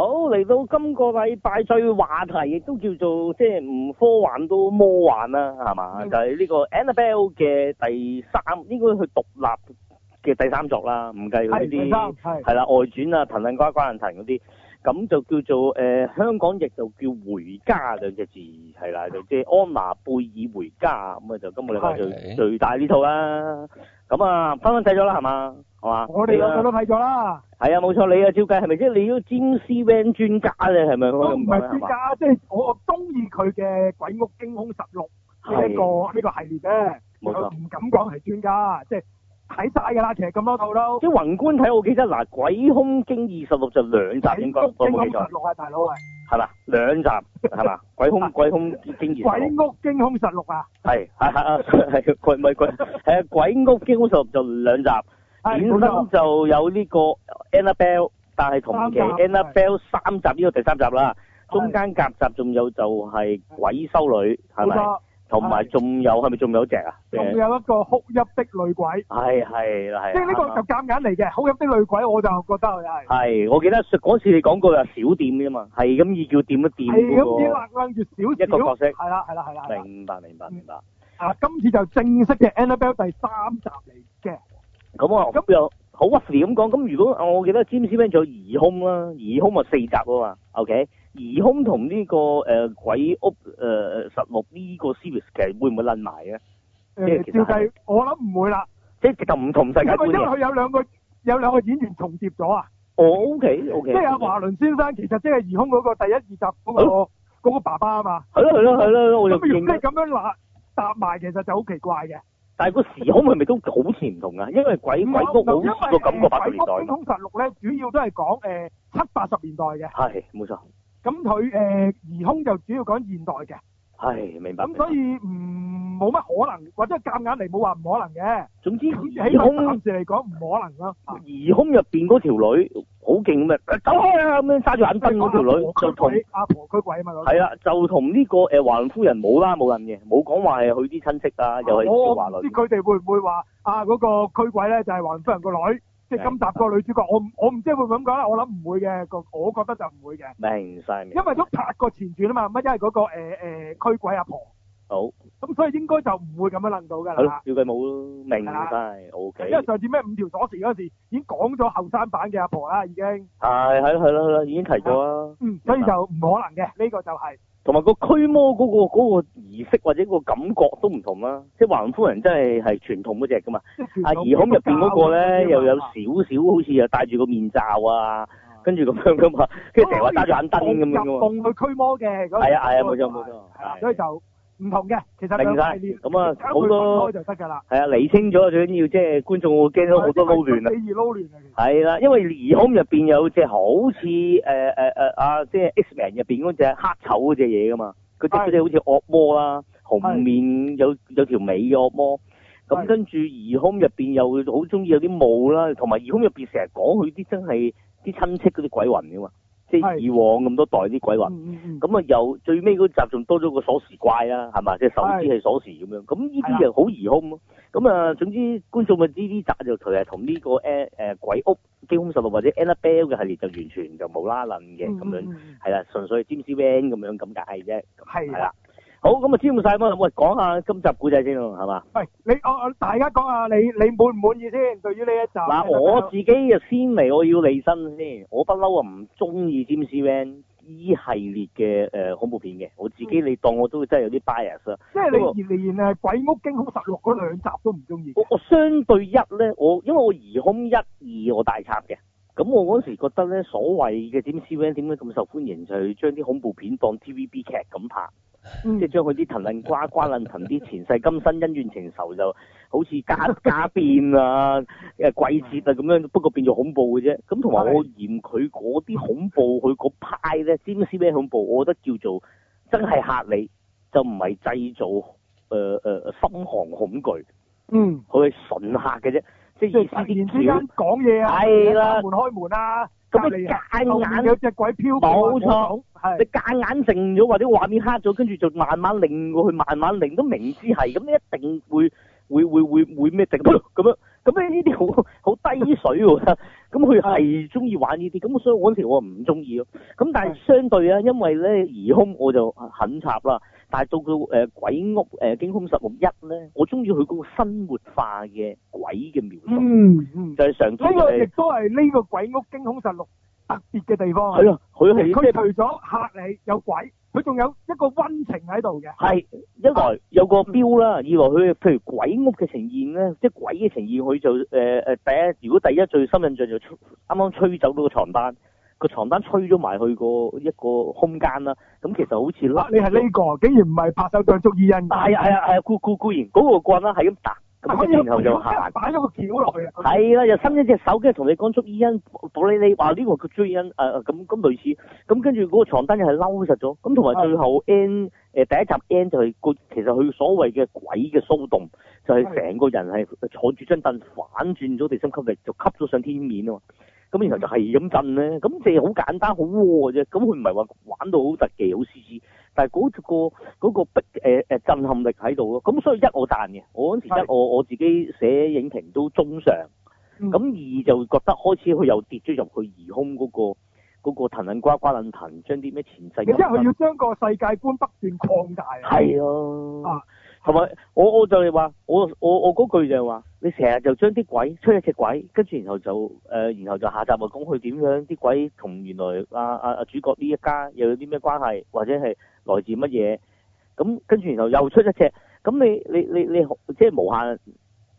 好嚟，到今個禮拜最話題，亦都叫做即係唔科幻都魔幻啦，係嘛、嗯？就係、是、呢個 Annabelle 嘅第三，應該去獨立嘅第三作啦，唔計佢呢啲係啦外傳啊，藤藤瓜瓜藤藤嗰啲，咁就叫做誒、呃、香港亦就叫回家兩隻字，係啦，就即、是、係安娜貝爾回家咁啊，就今個禮拜最最大呢套啦，咁、嗯嗯、啊，分分睇咗啦，係嘛？係嘛？我哋嗰套都睇咗啦。係啊，冇錯、啊，你啊，照計係咪即係你要 James Wan 專家咧？係咪？唔係專家，即係我鍾中意佢嘅《鬼屋驚空十六、啊》呢一個呢個系列咧。冇錯。唔敢講係專家，即係睇晒噶啦。其實咁多套都即係宏觀睇，我記得嗱，《鬼空驚二十六》就兩集應該，我冇記錯係十六啊，大佬係。係嘛，兩集係嘛，《鬼空》 《鬼空驚十六》啊。鬼屋驚空十六啊！係係係係鬼唔係鬼，係、啊啊、 鬼屋，驚空十六就兩集。.本身就有呢個 Annabelle，但係同期 Annabelle 三集呢個第三集啦，中間夾集仲有就係鬼修女係咪？同埋仲有係咪仲有隻啊？仲有一個哭泣的女鬼。係係啦係。即係呢個就夾硬嚟嘅，哭泣的女鬼我就覺得係。係，我記得嗰次你講過又少點啫嘛，係咁意叫點都點嘅喎。係咁，越嚟越少一個角色。係啦係啦係啦。明白明白明白。啊，今次就正式嘅 Annabelle 第三集嚟嘅。咁、嗯、啊，咁又好 w a 咁講。咁、嗯、如果我記得 James Bond 仲有疑凶啦，疑凶咪四集啊嘛。O K. 疑凶同呢個誒、呃、鬼屋誒誒實錄呢個 series 嘅會會唔會撚埋其誒，照計我諗唔會啦。即係其實唔同世界觀，因為佢有兩個有兩個演員重疊咗啊。哦，O K O K。Okay, okay, 即係阿華倫先生，其實即係疑凶嗰個第一二集嗰、那個嗰、啊那個爸爸啊嘛。係咯係咯係咯，我又。咁如果咁樣攔搭埋，其實就好奇怪嘅。但係個時空係咪都好似唔同啊？因為鬼鬼屋好似個感覺八十年代。詭屋驚凶實錄咧，主要都係講誒七八十年代嘅。係冇錯。咁佢誒時空就主要講現代嘅。係，明白。咁所以唔。冇乜可能，或者係夾硬嚟，冇話唔可能嘅。總之，總之喺空字嚟講唔可能咯。疑凶入邊嗰條女好勁咩？走開啊！咁樣揸住眼燈嗰條女就同阿婆驅鬼啊嘛。係啦，就同呢個誒華倫夫人冇啦，冇人嘅，冇講話係佢啲親戚啊，又係。我我唔知佢哋會唔會話啊嗰個驅鬼咧就係華倫夫人個女，即係今集個女主角。我我唔知會唔會咁講啦，我諗唔會嘅，個我覺得就唔會嘅。明晒明。因為都拍過前傳啊嘛，乜因為嗰個誒誒驅鬼阿婆。好，咁所以應該就唔會咁樣諗到㗎啦。好，料計冇咯，明啦真係，O K。因為上次咩五條鎖匙嗰時已經講咗後生版嘅阿婆啦，已經係係係啦，已經提咗啦。嗯，所以就唔可能嘅，呢個就係。同埋個驅魔嗰個嗰個儀式或者個感覺都唔同啦。即華倫夫人真係係傳統嗰隻㗎嘛。啊，儀孔入邊嗰個咧又有少少好似又戴住個面罩啊，跟住咁樣㗎嘛，跟住成日話揸住眼燈咁樣㗎喎。入洞去驅魔嘅。係啊係啊，冇錯冇錯。係啊，所以就。唔同嘅，其實是你明曬咁啊，好多就得㗎喇，係啊，理清楚最緊要，即係觀眾會驚到好多撈亂啊，你而撈亂啊，係啦，因為二空入邊有隻好似誒誒誒啊，即係 X Man 入邊嗰隻黑丑嗰隻嘢噶嘛，佢即係嗰隻好似惡魔啦，紅面有有條尾嘅惡魔，咁跟住二空入邊又好中意有啲霧啦，同埋二空入邊成日講佢啲真係啲親戚嗰啲鬼魂啊嘛。即係以往咁多代啲鬼魂，咁啊、嗯嗯、又最尾嗰集仲多咗個鎖匙怪啦，係嘛？即係手指係鎖匙咁樣，咁呢啲就好疑空咯。咁啊，總之觀眾咪知呢集就佢係同呢個誒誒、呃呃、詭屋驚凶錄或者 Annabelle 嘅系列就完全就冇啦啦嘅咁樣，係、嗯、啦，純粹係 James Wan 咁樣咁解啫，係啦。好，咁啊，簽晒咁我哋講下今集古仔先咯，係嘛？喂，你我大家講下你你滿唔滿意先？對於呢一集嗱，我自己啊先嚟，我要離身先。我不嬲啊，唔中意 James Wan 呢、e、系列嘅誒恐怖片嘅。我自己你當我都真係有啲 bias 啊、嗯。即係你連鬼屋驚恐實錄嗰兩集都唔中意。我我相對一咧，我因為我疑空一二我大拆嘅，咁我嗰時覺得咧，所謂嘅 James Wan 點解咁受歡迎，就係將啲恐怖片當 TVB 劇咁拍。嗯、即係將佢啲藤楞瓜瓜楞騰啲前世今生恩怨情仇就好似加加變啊，誒季節啊咁樣，不過變咗恐怖嘅啫。咁同埋我嫌佢嗰啲恐怖，佢嗰派咧知唔知咩恐怖？我覺得叫做真係吓你，就唔係製造誒誒、呃呃、心寒恐懼。嗯，佢係純吓嘅啫，即係突然之間講嘢啊，開門開門啊！咁你假眼冇錯，係你假眼靜咗或者畫面黑咗，跟住就慢慢令佢慢慢令都明知係，咁你一定會會會會會咩定咁樣？咁你呢啲好好低水喎。咁佢係中意玩呢啲，咁 所以我嗰時我唔中意咯。咁但係相對呀，因為咧疑空我就狠插啦。但係到到鬼屋誒驚恐實錄一咧，我中意佢嗰個生活化嘅鬼嘅描述，嗯嗯、就係常呢個亦都係呢個鬼屋驚恐實錄特別嘅地方。係咯，佢佢哋除咗嚇你有鬼，佢仲有一個溫情喺度嘅。係、嗯、一來有個標啦，二來佢譬如鬼屋嘅呈現咧，即係鬼嘅呈現，佢就誒誒、呃、第一，如果第一最深印象就啱啱吹走嗰個床單。個床單吹咗埋去個一個空間啦，咁其實好似甩你係呢個，竟然唔係白手袋捉伊人？係啊係啊係啊，孤孤孤然嗰個棍啦，係咁彈，咁然後就行，擺咗個吊落去，係啦，又伸一隻手機同你講捉伊人，保你你話呢個叫追伊人，誒咁咁類似，咁跟住嗰個床單又係嬲實咗，咁同埋最後 N，誒第一集 N 就係個其實佢所謂嘅鬼嘅騷動，就係、是、成個人係坐住張凳反轉咗地心吸力，就吸咗上天面啊嘛。咁然後就係咁震咧，咁即係好簡單好喎啫。咁佢唔係話玩到好特技好斯斯，但係嗰個嗰個逼呃呃震撼力喺度咯。咁所以一我彈嘅，我嗰時一我我自己寫影評都中上。咁、嗯、二就覺得開始佢又跌咗入去疑空嗰個嗰個騰騰呱呱楞騰，將啲咩前世，因為佢要將個世界觀不斷擴大啊。係、啊係咪？我我就係話，我我我嗰句就係話，你成日就將啲鬼出一隻鬼，跟住然後就誒、呃，然後就下集咪講佢點樣，啲鬼同原來阿、啊啊、主角呢一家又有啲咩關係，或者係來自乜嘢？咁跟住然後又出一隻，咁你你你你即係、就是、無限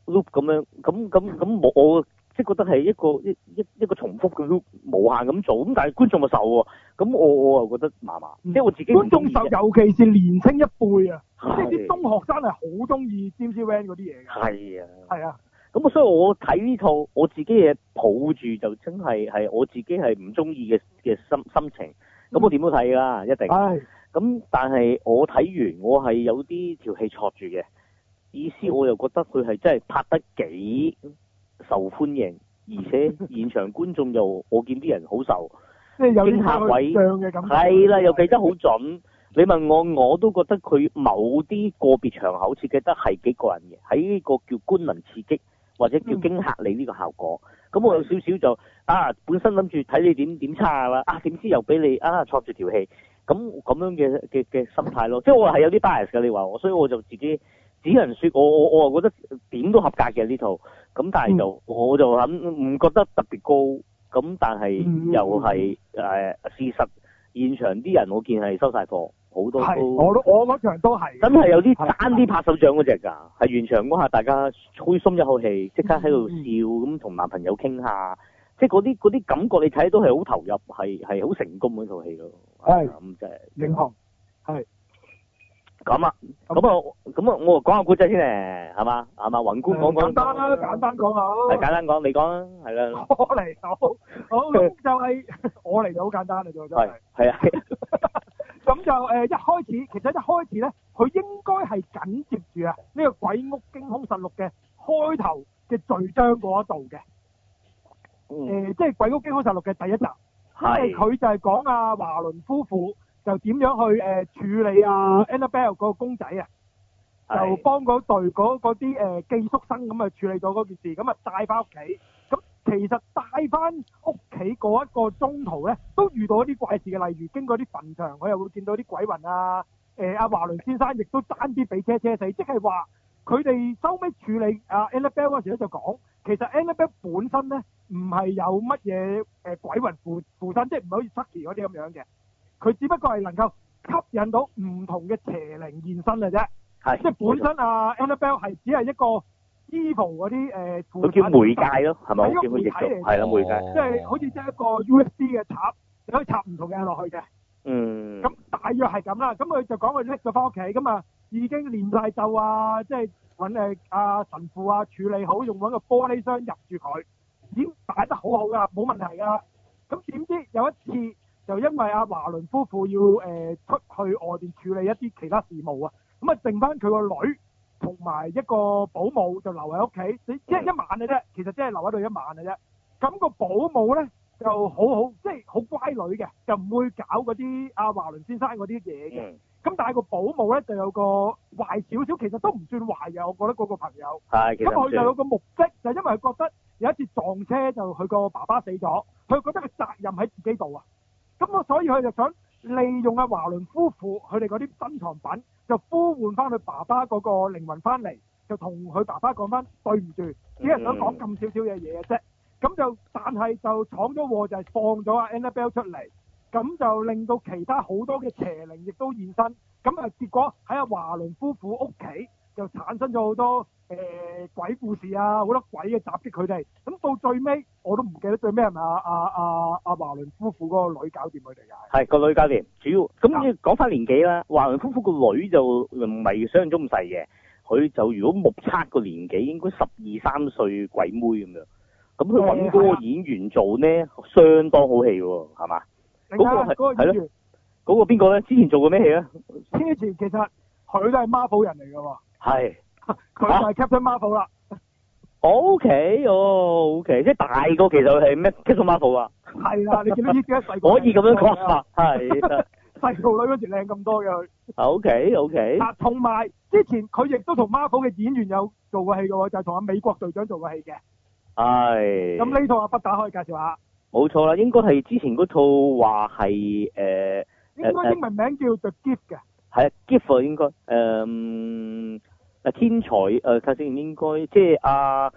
loop 咁樣，咁咁咁冇我。我即係覺得係一個一一一個重複佢都無限咁做，咁但係觀眾咪受喎，咁我我又覺得麻麻，即、嗯、因為我自己觀眾受，尤其是年青一輩是啊，即係啲中學生係好中意 James Wan 嗰啲嘢係啊，係啊，咁、啊、所以我睇呢套我自己嘅抱住就真係係我自己係唔中意嘅嘅心心情，咁我點都睇啦、嗯、一定，咁但係我睇完我係有啲條氣挫住嘅意思，我又覺得佢係真係拍得幾受歡迎，而且現場觀眾又我見啲人好受，即 係驚嚇鬼人，係 啦、就是，又記得好準。 你問我，我都覺得佢某啲個別場口設計得係幾個人嘅，喺呢個叫官能刺激或者叫驚嚇你呢個效果。咁 我有少少就啊，本身諗住睇你點點差啦、啊，啊點知又俾你啊戳住條氣咁咁樣嘅嘅嘅心態咯。 即係我係有啲 bias 㗎。你話我，所以我就自己。只能說我我我又覺得點都合格嘅呢套，咁但係就、嗯、我就諗唔覺得特別高，咁但係又係、嗯呃、事實現場啲人我見係收曬貨，好多都我都我嗰場都係真係有啲爭啲拍手掌嗰隻㗎，係完場嗰下大家開鬆一口氣，即刻喺度笑咁同男朋友傾下，嗯、即係嗰啲嗰啲感覺你睇都係好投入，係好成功嗰套戲咯，咁就係影行係。咁啊，咁啊，咁啊，我講下古仔先咧，係嘛，係嘛，宏觀講講。簡單啦，簡單講下咯。係簡單講，你講啦，係啦。我嚟就好，好就係我嚟就好簡單啦，就真係。係係啊。咁就誒，一開始其實一開始咧，佢應該係緊接住啊呢個《詭屋驚凶實錄》嘅開頭嘅序章嗰一度嘅。嗯。誒，即係《詭屋驚凶實錄》嘅第一集，係佢就係講阿華倫夫婦。就點樣去誒、呃、處理啊，Annabelle 嗰個公仔啊，就幫嗰隊嗰啲誒寄宿生咁啊處理咗嗰件事，咁啊帶翻屋企。咁其實帶翻屋企嗰一個中途咧，都遇到一啲怪事嘅，例如經過啲墳場，我又會見到啲鬼魂啊。誒、呃，阿華倫先生亦都爭啲俾車車死，即係話佢哋收尾處理阿、啊、Annabelle 嗰時咧，就講其實 Annabelle 本身咧唔係有乜嘢鬼魂附附身，即係唔係好似 Chucky 嗰啲咁樣嘅。佢只不過係能夠吸引到唔同嘅邪靈現身嘅啫，係即係本身是啊 Annabelle 係只係一個 evil 嗰啲誒，佢、呃、叫媒介咯，係咪啊？係、呃、咯，媒介，哦、即係好似即係一個 USB 嘅插，你可以插唔同嘢落去嘅。嗯。咁大約係咁啦，咁佢就講佢拎咗翻屋企，咁啊已經練曬咒啊，即係揾誒阿神父啊處理好，用嗰個玻璃箱入住佢，已經擺得好好㗎，冇問題㗎。咁點知有一次。就因為阿華倫夫婦要誒出去外邊處理一啲其他事務啊，咁啊，剩翻佢個女同埋一個保姆就留喺屋企，即係一晚嘅啫。其實即係留喺度一晚嘅啫。咁個保姆咧就好好，即係好乖女嘅，就唔會搞嗰啲阿華倫先生嗰啲嘢嘅。咁但係個保姆咧就有個壞少少，其實都唔算壞嘅。我覺得嗰個朋友咁佢、啊、就有個目的，就因為佢覺得有一次撞車就佢個爸爸死咗，佢覺得個責任喺自己度啊。咁我所以佢就想利用阿華倫夫婦佢哋嗰啲珍藏品，就呼喚翻佢爸爸嗰個靈魂翻嚟，就同佢爸爸講翻對唔住，mm. 只係想講咁少少嘅嘢嘅啫。咁就但係就闖咗禍，就係放咗阿 Annabelle 出嚟，咁就令到其他好多嘅邪靈亦都現身。咁啊，結果喺阿華倫夫婦屋企。就產生咗好多誒、呃、鬼故事啊！好多鬼嘅襲擊佢哋，咁到最尾我都唔記得對咩人啊啊啊啊華倫夫婦個女搞掂佢哋啊！係個女教練主要咁講翻年紀啦，華倫夫婦個女就唔係想像中咁細嘅，佢就如果目測個年紀應該十二三歲鬼妹咁樣。咁佢揾嗰個演員做呢，相當好戲喎，係嘛？嗰、那個係係咯，嗰、那個邊、那個咧？之前做過咩戲咧？之前其實佢都係 Marvel 人嚟㗎喎。係，佢就係 Captain Marvel 啦、啊。O K，哦，O K，即係大個其實係咩 Captain Marvel 是 這 啊？係 啦、okay, okay，你見到依細個，可以咁樣講啦。係，細個女嗰時靚咁多嘅。O K，O K。同埋之前佢亦都同 Marvel 嘅演員有做過戲嘅，就係同阿美國隊長做過戲嘅。係。咁呢套阿北打可以介紹下？冇錯啦，應該係之前嗰套話係誒，應該英文名叫 The Gift 嘅、啊。係啊，Gift 應該誒。嗯天才誒，睇下先，應該即係阿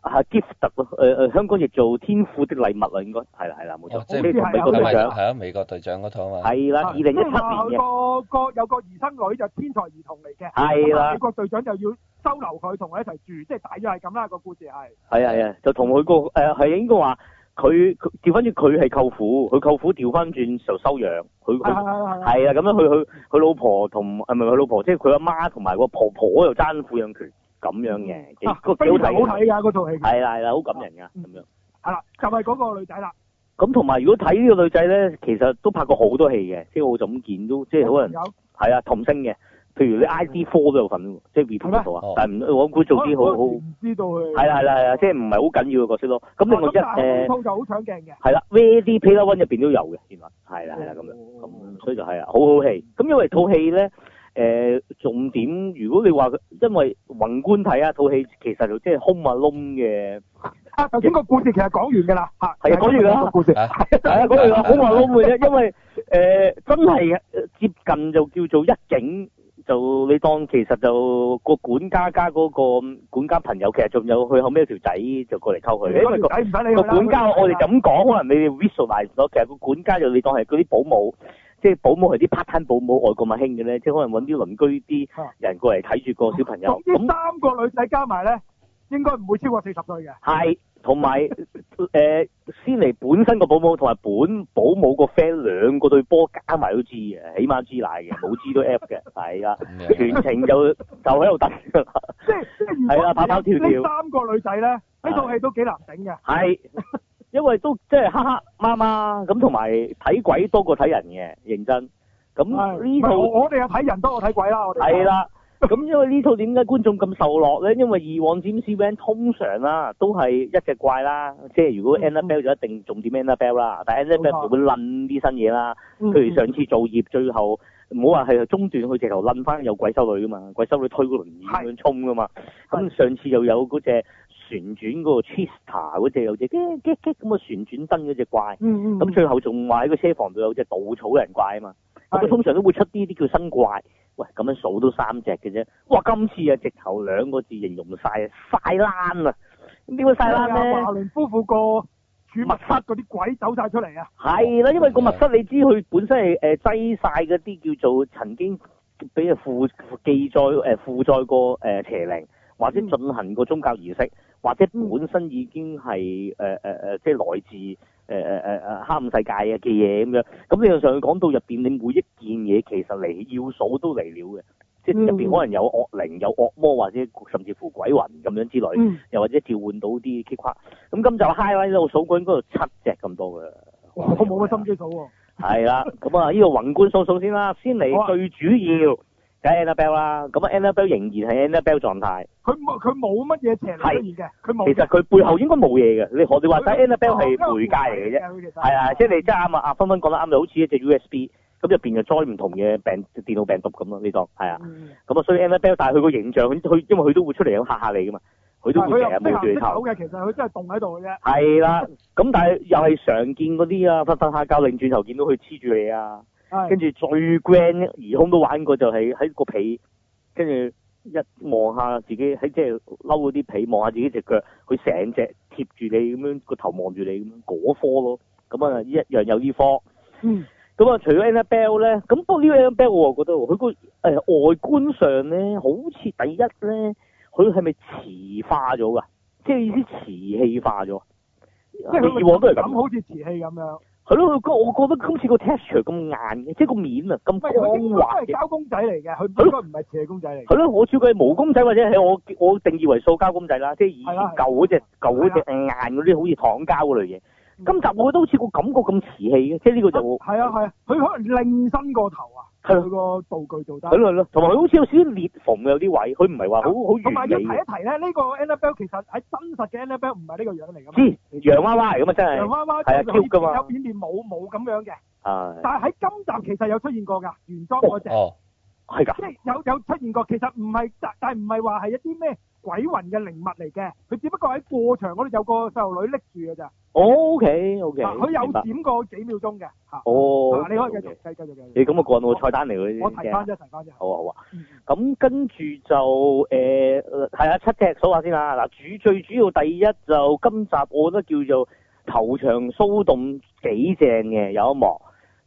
阿 Gifted，誒、就、誒、是啊啊呃，香港譯做天賦的禮物啊，應該係啦係啦，冇錯、哦，即係美國隊長係啊，美國隊長嗰套啊嘛，係啦，二零一七年嘅，那個個有個兒生女就是、天才兒童嚟嘅，係啦，美國隊長就要收留佢，同佢一齊住，即、就、係、是、大約係咁啦，那個故事係，係係啊，就同佢個誒係、呃、應該話。佢佢調翻轉，佢係舅父，佢舅父調翻轉就收養佢，係啊咁樣，佢佢佢老婆同啊唔係佢老婆，即係佢阿媽同埋個婆婆又爭撫養權咁樣嘅，個、嗯幾，幾，啊、幾好睇，好睇㗎嗰套戲，係啦係啦，好感人㗎咁、啊嗯、樣，係、啊、啦，就係、是、嗰個女仔啦。咁同埋如果睇呢個女仔咧，其實都拍過好多戲嘅，即係我就咁見都即係可能，係啊童星嘅。譬如你 I D Four 都有份即係 repeat 咗啊，但係唔我估做啲好好，唔知道佢，係啦係啦係啦，即係唔係好緊要嘅角色咯。咁另外一就好搶鏡嘅誒，係啦，Ready Player One 入邊都有嘅，原來係啦係啦咁樣，咁所以就係、是、啊，好好戲。咁、嗯、因為套戲咧誒、呃、重點，如果你話因為宏觀睇啊，套戲其實就即係 Home Alone 嘅。啊，頭先個故事其實講完㗎啦，嚇。係、嗯、啊，講完啦，個故事係啊，講完啦，Home Alone 嘅，因為誒真係接近就叫做一景。 就你當其實就個管家加嗰個管家朋友，其實仲有佢後尾條仔就過嚟溝佢。因為個管家我哋咁講，可能你哋 visualize 咗，其實個管家就你當係嗰啲保姆，即係保姆係啲 part-time 保姆，外國咪興嘅咧，即係可能搵啲鄰居啲人過嚟睇住個小朋友。咁、啊、三個女仔加埋咧。應該唔會超過四十歲嘅，係同埋誒，詩妮、 呃、本身個保姆同埋本保姆個 friend 兩個對波加埋都知嘅，起碼 G 奶嘅，冇 G 都 F 嘅，係 啦，全程就 就喺度等，即係 即係係啊，跑跑跳跳， 三個女仔咧，呢套戲都幾難頂嘅，係， 因為都即係黑黑媽媽咁，同埋睇鬼多過睇人嘅，認真咁，呢度，我哋又睇人多過睇鬼啦，我哋係啦。咁 因為，套為呢套點解觀眾咁受落咧？因為以往《James Wan》通常啦、啊，都係一隻怪啦。即係如果《Annabelle、mm》-hmm. 就一定重點《Annabelle》啦。但係、嗯《Annabelle》會會撚啲新嘢啦。譬如上次造孽最後，唔好話係中段，佢直頭撚翻有鬼修女噶嘛，鬼修女推個輪椅咁樣衝噶嘛。咁上次又有嗰隻旋轉嗰個 Chester 嗰隻有隻激激激咁嘅旋轉燈嗰隻怪。咁最後仲話喺個車房度有隻稻草人怪啊嘛。咁佢通常都會出啲啲叫新怪。咁樣數都三隻嘅啫，哇！今次啊，直頭兩個字形容晒，晒爛啊！點會晒爛咧、啊？華、哎、倫夫婦個主物室嗰啲鬼走晒出嚟啊！係啦，因為個密室你知佢本身係誒擠晒嗰啲叫做曾經俾附記載誒附、呃、載過誒、呃、邪靈或者進行過宗教儀式。嗯或者本身已經係誒誒誒，即係來自誒誒誒誒黑暗世界嘅嘅嘢咁樣，咁你就上次講到入邊，你每一件嘢其實嚟要數都嚟了嘅，即係入邊可能有惡靈、嗯、有惡魔或者甚至乎鬼魂咁樣之類、嗯、又或者召喚到啲棘骨。咁今集 high 啦，呢度數到應該有七隻咁多嘅。我冇乜心機數。係啦，咁啊，呢、 呢個宏觀數數先啦，先嚟最主要。梗係 Annabelle 啦，咁啊 Annabelle 仍然係 Annabelle 狀態。佢冇佢冇乜嘢邪惡嘅，佢冇。其實佢背後應該冇嘢嘅，你何你話睇 Annabelle 係媒介嚟嘅啫，係啊，啊，啊，啊，啊，啊，即係你即係啱啊！分分講得啱，就好似一隻 U.S.B，咁入邊就載唔同嘅病電腦病毒咁咯，呢檔係啊。咁、嗯、啊，所以 Annabelle，但係佢個形象，佢因為佢都會出嚟咁嚇嚇你噶嘛，佢都會咁轉頭嘅，其實佢真係棟喺度嘅啫。係啦、啊，咁、嗯、但係又係常見嗰啲啊，瞓瞓下覺，擰轉頭見到佢黐住你啊！跟住最 grand 而空都玩過，就係喺個被，跟住一望下自己喺即係嬲嗰啲被望下自己隻腳，佢成隻貼住你咁樣，個頭望住你咁嗰科咯，咁啊一樣有呢科。咁、嗯、啊，除咗 Annabelle 咧，咁不過呢個 Annabelle 我啊覺得佢個誒外觀上咧，好似第一咧，佢係咪瓷化咗噶？即係意思瓷器化咗，即係以往都係咁，好似瓷器咁樣。佢咯，我覺得今次個 texture 咁硬嘅，即係個面啊咁光滑。即係膠公仔嚟嘅，佢應該唔係斜公仔嚟。係咯，我估計毛公仔或者係我我定義為塑膠公仔啦，即係以前舊嗰隻、隻、舊嗰隻硬嗰啲好似糖膠嗰類嘢。今集我覺得好似個感覺咁瓷器嘅，即係呢個就係。係啊係啊，佢可能擰身個頭啊。係佢個道具做得。係咯，同埋佢好似有少少裂縫嘅有啲位，佢唔係話好好完美。同埋一提一提咧，呢、呢個 Annabelle 其實喺真實嘅 Annabelle 唔係呢個樣嚟噶嘛，洋娃娃嚟噶嘛真係，洋娃娃，係噶嘛，有片面冇冇咁樣嘅，但係喺今集其實有出現過噶原裝嗰隻。哦係噶，即係有有出現過，其實唔係，但係唔係話係一啲咩鬼魂嘅靈物嚟嘅，佢只不過喺過場嗰度有個細路女拎住㗎咋。OK，OK，佢有閃過幾秒鐘嘅吓。哦，嗱，你可以繼續，繼續，繼續。你咁啊，個人個菜單嚟嘅啫。我提翻啫，提翻啫。好啊好啊，咁跟住就誒係啊七隻數下先啊嗱，主最主要第一就今集我覺得叫做頭場騷動幾正嘅有一幕。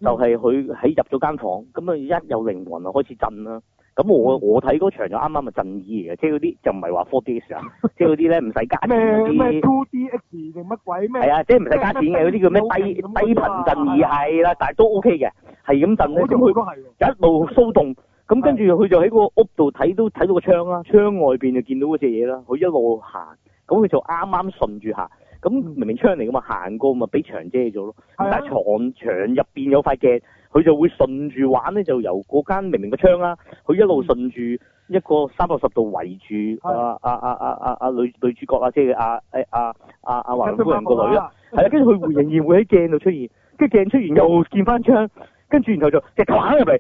就係佢喺入咗間房，咁啊一有靈魂啊開始震啦。咁我、嗯、我睇嗰場就啱啱啊震椅嘅，即係嗰啲就唔係話 4D 時候即係嗰啲咧唔使加錢。咩咩 4DX 定乜鬼咩？係啊，即係唔使加錢嘅嗰啲叫咩低低頻震椅係啦，但係都 OK 嘅，係咁震咧，就就一路騷動。咁跟住佢就喺個屋度睇都睇到個窗啦，窗外面就邊就見到嗰隻嘢啦。佢一路行，咁佢就啱啱順住行。咁明明窗嚟噶嘛，行過咪俾牆遮咗咯。但係、啊、牆牆入面有塊鏡，佢就會順住玩咧，就由嗰間明明個窗啦，佢一路順住一個三六十度圍住啊啊啊啊啊啊女女主角啊，即係阿誒啊阿阿華倫夫人個女啊，係、啊、啦，跟住佢仍然會喺鏡度出現，跟住鏡出現又見翻窗，跟住然後就直頭行入嚟，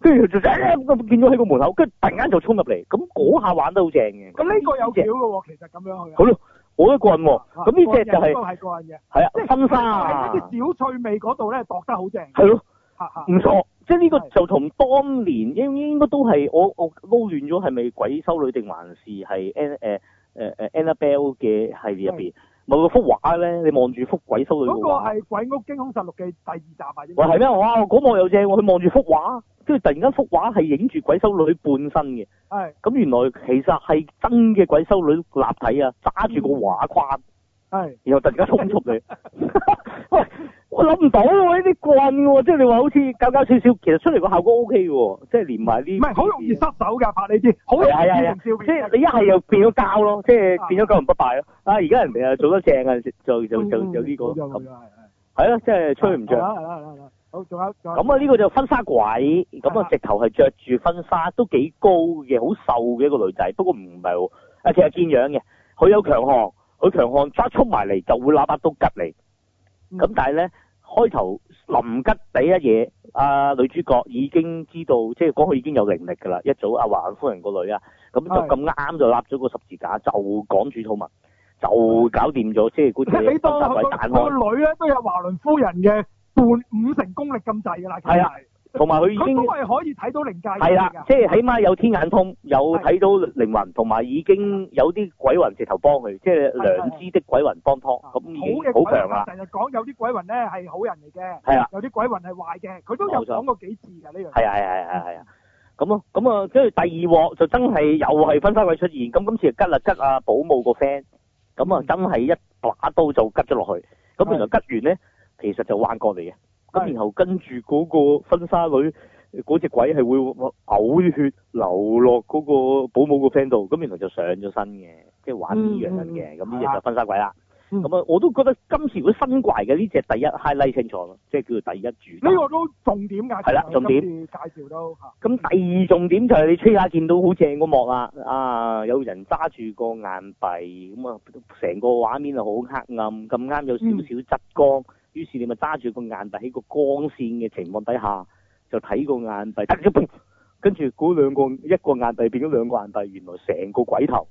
跟住就誒咁見咗喺個門口，跟住突然間就衝入嚟，咁嗰下，下玩得好正嘅。咁呢個有料咯喎，其實咁樣、啊、好咯。好、那、一個人喎，咁呢隻就係，係啊，新衫啊，呢啲小趣味嗰度咧，度得好正，係咯，唔錯，即係呢個就同當年應應該都係我我撈亂咗，係咪鬼修女定還是係 Anna 誒誒誒 Annabelle 嘅系列入邊？咪個幅畫咧，你望住幅鬼修女。嗰、嗰個係《鬼屋驚凶實錄》嘅第二集啊，已經。話係咩？哇！嗰幕又正，佢望住幅畫，跟住突然間幅畫係影住鬼修女半身嘅。係。咁原來其實係真嘅鬼修女立體啊，揸住個畫框。係，然後突然間衝出嚟， 喂，我諗唔到喎，呢啲棍喎，即係你話好似搞搞少少，其實出嚟個效果 O K 嘅，即係連埋呢啲，唔係好容易失手㗎怕你知，好係啊係啊，即係你一係又變咗膠咯，即係變咗九人不敗咯，啊而家人哋又做得正啊，就是、啊啊啊啊就就就呢、這個咁，係、嗯、咯，即係吹唔着，仲、嗯就是啊、有，咁啊呢個就婚紗鬼，咁啊直頭係着住婚紗，都幾高嘅，好瘦嘅一個女仔，不過唔係，啊其實見樣嘅，好有強項。佢強悍，一衝埋嚟就會攞把刀吉你。咁、嗯、但係咧，開頭臨吉第一嘢，阿、呃、女主角已經知道，即係講佢已經有靈力㗎啦。一早阿華倫夫人個女啊，咁就咁啱就立咗個十字架，就講主禱文就搞掂咗。即係你當佢個女咧，都有華倫夫人嘅半五成功力咁滯㗎啦。係啊！同埋佢已經，佢都係可以睇到靈界嘅。係啦，即係起碼有天眼通，有睇到靈魂，同埋已經有啲鬼魂直頭幫佢，即係兩隻的鬼魂幫拖。咁好嘅，好強啦！成日講有啲鬼魂咧係好人嚟嘅，有啲鬼魂係壞嘅，佢都有講過幾次㗎呢樣。係啊係啊係啊係啊！咁咯，咁啊跟住第二鑊就真係又係分花鬼出現。咁今次吉啦，吉啊保姆個 friend，咁啊真係一把刀就吉咗落去。咁原來吉完咧，其實就彎過嚟嘅。咁然後跟住嗰個婚紗女嗰隻、那個、鬼係會嘔血流落嗰個保姆個 friend 度，咁然後就上咗身嘅，即係玩呢樣嘢嘅，咁呢隻就婚紗鬼啦。咁、嗯、啊，嗯、我都覺得今次會新怪嘅呢隻第一 highlight 清楚咯，即係叫做第一主打。呢、這個都重點㗎，係啦，重點介紹到咁第二重點就係你吹下見到好正個幕啦，啊，有人揸住個硬幣，咁啊，成個畫面啊好黑暗，咁啱有少少側光。於是你咪揸住個硬幣喺個光線嘅情況底下就睇個硬幣，跟住嗰兩個一個硬幣變咗兩個硬幣，原來成個鬼頭，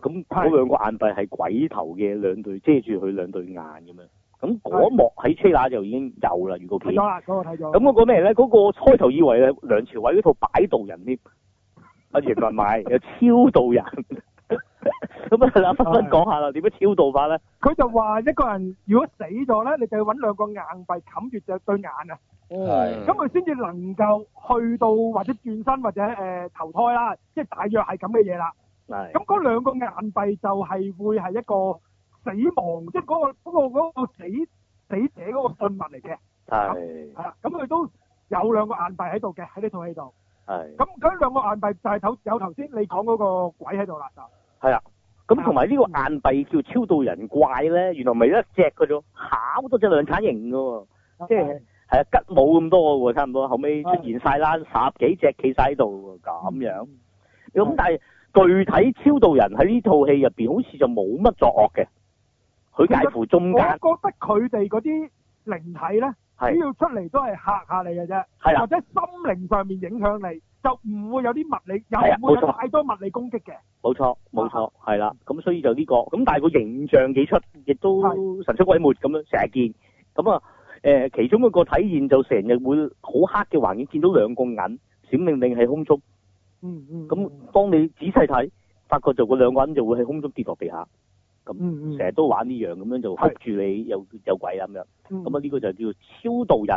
咁嗰兩個硬幣係鬼頭嘅兩對遮住佢兩對眼咁樣。咁嗰一幕喺車那就已經有啦，預告片。睇咗，咁嗰個咩咧？嗰個開頭以為咧梁朝偉嗰套擺渡人添，阿葉問咪又超渡人。咁啊，嗱，分分講下啦。點樣超度法咧？佢就話一個人如果死咗咧，你就去揾兩個硬幣冚住對眼啊。嗯。咁佢先至能夠去到或者轉身或者誒投胎啦，即係大約係咁嘅嘢啦。係。咁嗰兩個硬幣就係會係一個死亡，即係嗰個嗰個嗰個死死者嗰個信物嚟嘅。係。係啦，咁佢都有兩個硬幣喺度嘅喺呢套戲度。係。咁嗰兩個硬幣就係頭有頭先你講嗰個鬼喺度啦。就。係啊，咁同埋呢個硬幣叫超度人怪咧，原來唔係一隻嘅啫，好多隻量產型嘅喎，即係係啊吉冇咁多喎，差唔多後尾出現晒啦，十幾隻企晒喺度咁樣，咁但係具體超度人喺呢套戲入邊好似就冇乜作惡嘅，佢介乎中間。我覺得佢哋嗰啲靈體咧，只要出嚟都係吓下你嘅啫，或者心靈上面影響你。就唔會有啲物理，又唔會有太多物理攻擊嘅。冇錯，冇錯，係啦。咁、嗯嗯、所以就呢、呢個。咁但係個形象幾出，亦都神出鬼沒咁樣，成日見。咁啊、呃，其中一個體驗就成日會好黑嘅環境，見到兩個銀閃令令喺空中。咁、嗯嗯、當你仔細睇，發覺就個兩個銀就會喺空中跌落地下。咁成日都玩呢樣咁樣就嚇住你，有有鬼咁樣。咁啊，呢個就叫超度人。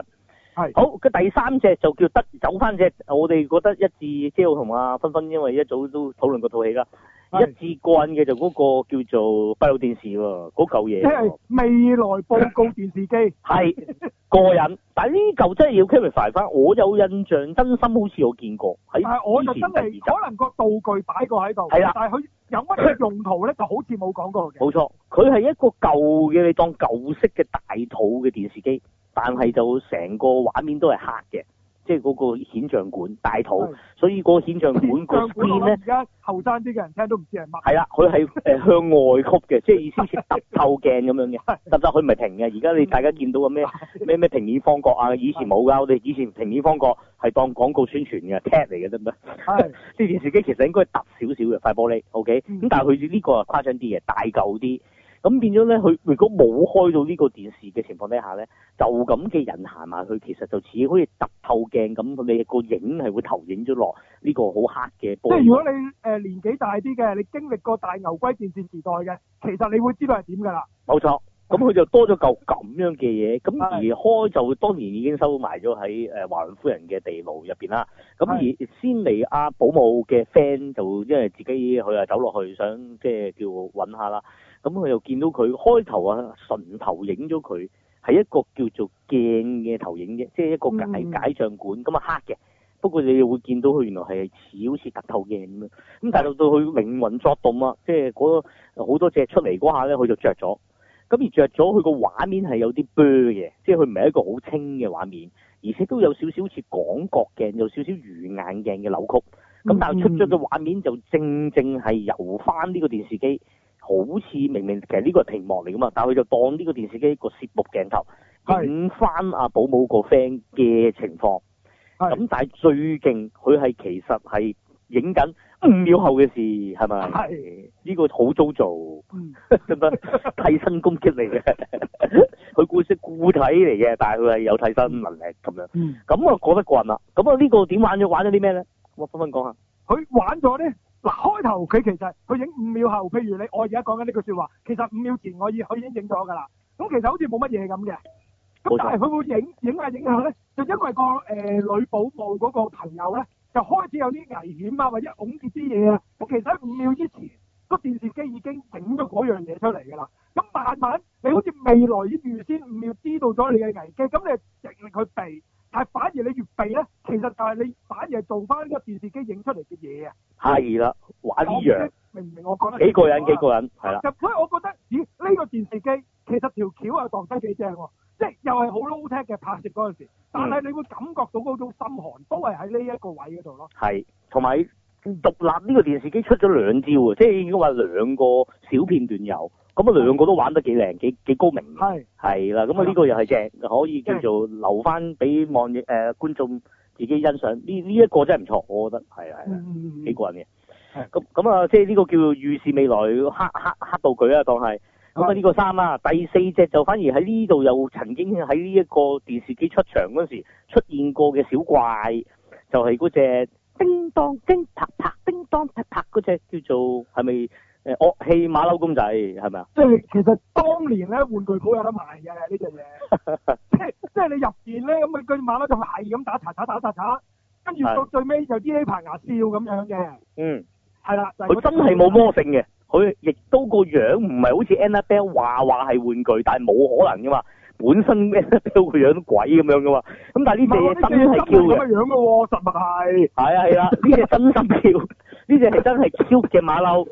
係好，第三隻就叫得走翻隻，我哋覺得一致，即係我同阿分分，分分因為一早都討論過套戲㗎。一致過癮嘅就嗰個叫做閉路電視喎，嗰舊嘢。即係未來報告電視機。係 過癮，但係呢舊真係要 confirm 翻，我有印象，真心好似我見過係，但係我就真係可能個道具擺過喺度，但係佢有乜嘢用途咧？就好似冇講過嘅。冇錯，佢係一個舊嘅，你當舊式嘅大肚嘅電視機。但係就成個畫面都係黑嘅，即係嗰個顯像管大肚，所以嗰個顯像管嗰邊咧，而家後生啲嘅人聽都唔知係乜？係啦，佢係誒向外曲嘅， 即係意思似凸透鏡咁樣嘅，得得？佢唔係平嘅。而家你大家見到個咩咩咩平面方角啊，以前冇㗎，我哋以前平面方角係當廣告宣傳嘅 t a t 嚟嘅啫。係，啲電視機其實應該凸少少嘅塊玻璃，OK，咁、嗯、但係佢呢個誇張啲嘅，大嚿啲。咁變咗咧，佢如果冇開到呢個電視嘅情況底下咧，就咁嘅人行埋去，其實就似好似凸透鏡咁，你個影係會投影咗落呢個好黑嘅波。即係如果你年紀大啲嘅，你經歷過大牛龜電視時代嘅，其實你會知道係點㗎啦。冇錯，咁佢就多咗嚿咁樣嘅嘢，咁 而開就當然已經收埋咗喺誒華倫夫人嘅地牢入邊啦。咁而先嚟啊保姆嘅 friend 就因為自己佢啊走落去想，想即係叫揾下啦。咁佢又見到佢開頭啊，純投影咗佢，係一個叫做鏡嘅投影嘅，即係一個解、mm -hmm. 解像管咁啊黑嘅。不過你會見到佢原來係似好似凸透鏡咁樣。咁但係到佢靈魂作動啊，即係嗰好多隻出嚟嗰下咧，佢就着咗。咁而着咗佢個畫面係有啲啤嘅，即係佢唔係一個好清嘅畫面，而且都有少少似廣角鏡，有少少魚眼鏡嘅扭曲。咁但係出咗個畫面就正正係由翻呢個電視機。好似明明其實呢個係屏幕嚟㗎嘛，但係佢就當呢個電視機個攝錄鏡頭影翻阿保姆個 friend 嘅情況。咁但係最勁，佢係其實係影緊五秒後嘅事，係、嗯、咪？係。呢、呢個好造作，得唔得？ 替身攻擊嚟嘅，佢 故色固體嚟嘅，但係佢係有替身能力咁樣。咁、嗯、啊覺得過人啦。咁啊呢個點玩？玩咗啲咩咧？我分分講下。佢玩咗咧。嗱，開頭佢其實佢影五秒後，譬如你我而家講緊呢句說話，其實五秒前我已佢已經影咗㗎啦。咁其實好似冇乜嘢咁嘅。冇錯。咁但係佢會影影下影下咧，就因為、個誒、呃、女保姆嗰個朋友咧，就開始有啲危險啊，或者㧬住啲嘢啊。咁其實喺五秒之前個電視機已經整咗嗰樣嘢出嚟㗎啦。咁慢慢你好似未來呢預先五秒知道咗你嘅危機，咁你直令佢避。但反而你越避咧，其實就係你反而係做翻呢個電視機影出嚟嘅嘢啊！係啦，玩呢樣，明唔明我幾個人幾個人？係啦，所以我覺得咦，呢個電視機其實條橋係當真幾正喎，即係又係好 low tech 嘅拍攝嗰陣時，但係你會感覺到嗰種心寒、嗯、都係喺呢一個位嗰度咯。係，同埋獨立呢個電視機出咗兩招即係已經話兩個小片段有。咁啊，兩個都玩得幾靚，幾高明。係係啦，咁啊呢個又係正，可以叫做留翻俾望嘅誒觀眾自己欣賞。呢呢一個真係唔錯，我覺得係啊係啊，幾過癮嘅。咁咁啊，即係呢個叫做預示未來，嚇黑黑到佢啊，當係。咁啊呢個三啦、啊、第四隻就反而喺呢度又曾經喺呢一個電視機出場嗰時出現過嘅小怪，就係、是、嗰隻叮當叮啪啪叮當啪啪嗰隻，叫做係咪？誒，樂器馬騮公仔係咪啊？即係其實當年咧，這個、玩具舖有得賣嘅呢隻嘢，即係即係你入邊咧，咁佢個馬騮就係咁打嚓嚓打嚓嚓，跟住到最尾就啲呢排牙笑咁樣嘅。 嗯，係啦，佢真係冇魔性嘅，佢亦都個樣唔係好似 Annabelle 話話係玩具，但係冇可能噶嘛。本身 Annabelle 個樣都鬼咁樣噶嘛，咁但係呢隻嘢真係笑嘅。佢 真係笑嘅。呢隻係真係超嘅馬騮，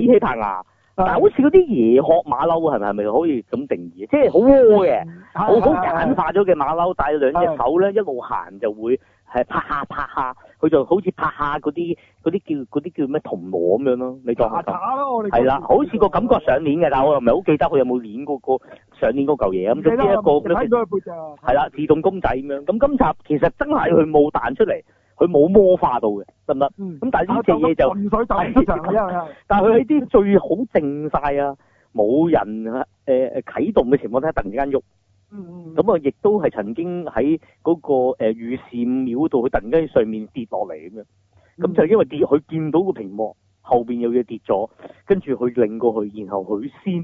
起 彈牙， 但好似嗰啲椰殼馬騮係咪係咪可以咁定義？ 即係 好窩好嘅，好簡化咗嘅馬騮，帶兩隻手咧， 一路行就會拍下拍下，佢 就好似拍下嗰啲啲叫啲叫咩銅鑼咁樣咯。你當下就係啦，好似個感覺上鏈嘅，但我又唔係好記得佢有冇鏈嗰、嗰個上鏈嗰嚿嘢咁，就 只一個。睇到佢背就係啦，自動公仔咁樣。咁今集其實真係佢冇彈出嚟。佢冇魔化到嘅，得唔得？咁、嗯、但係呢件嘢就，水就 但係佢喺啲最好靜晒啊，冇人啊誒誒啟動嘅情況底下，突然間喐。咁、嗯、啊，亦都係曾經喺嗰個誒御膳廟度，佢突然間喺上面跌落嚟咁樣。咁、嗯、就因為跌，佢見到個屏幕後邊有嘢跌咗，跟住佢擰過去，然後佢先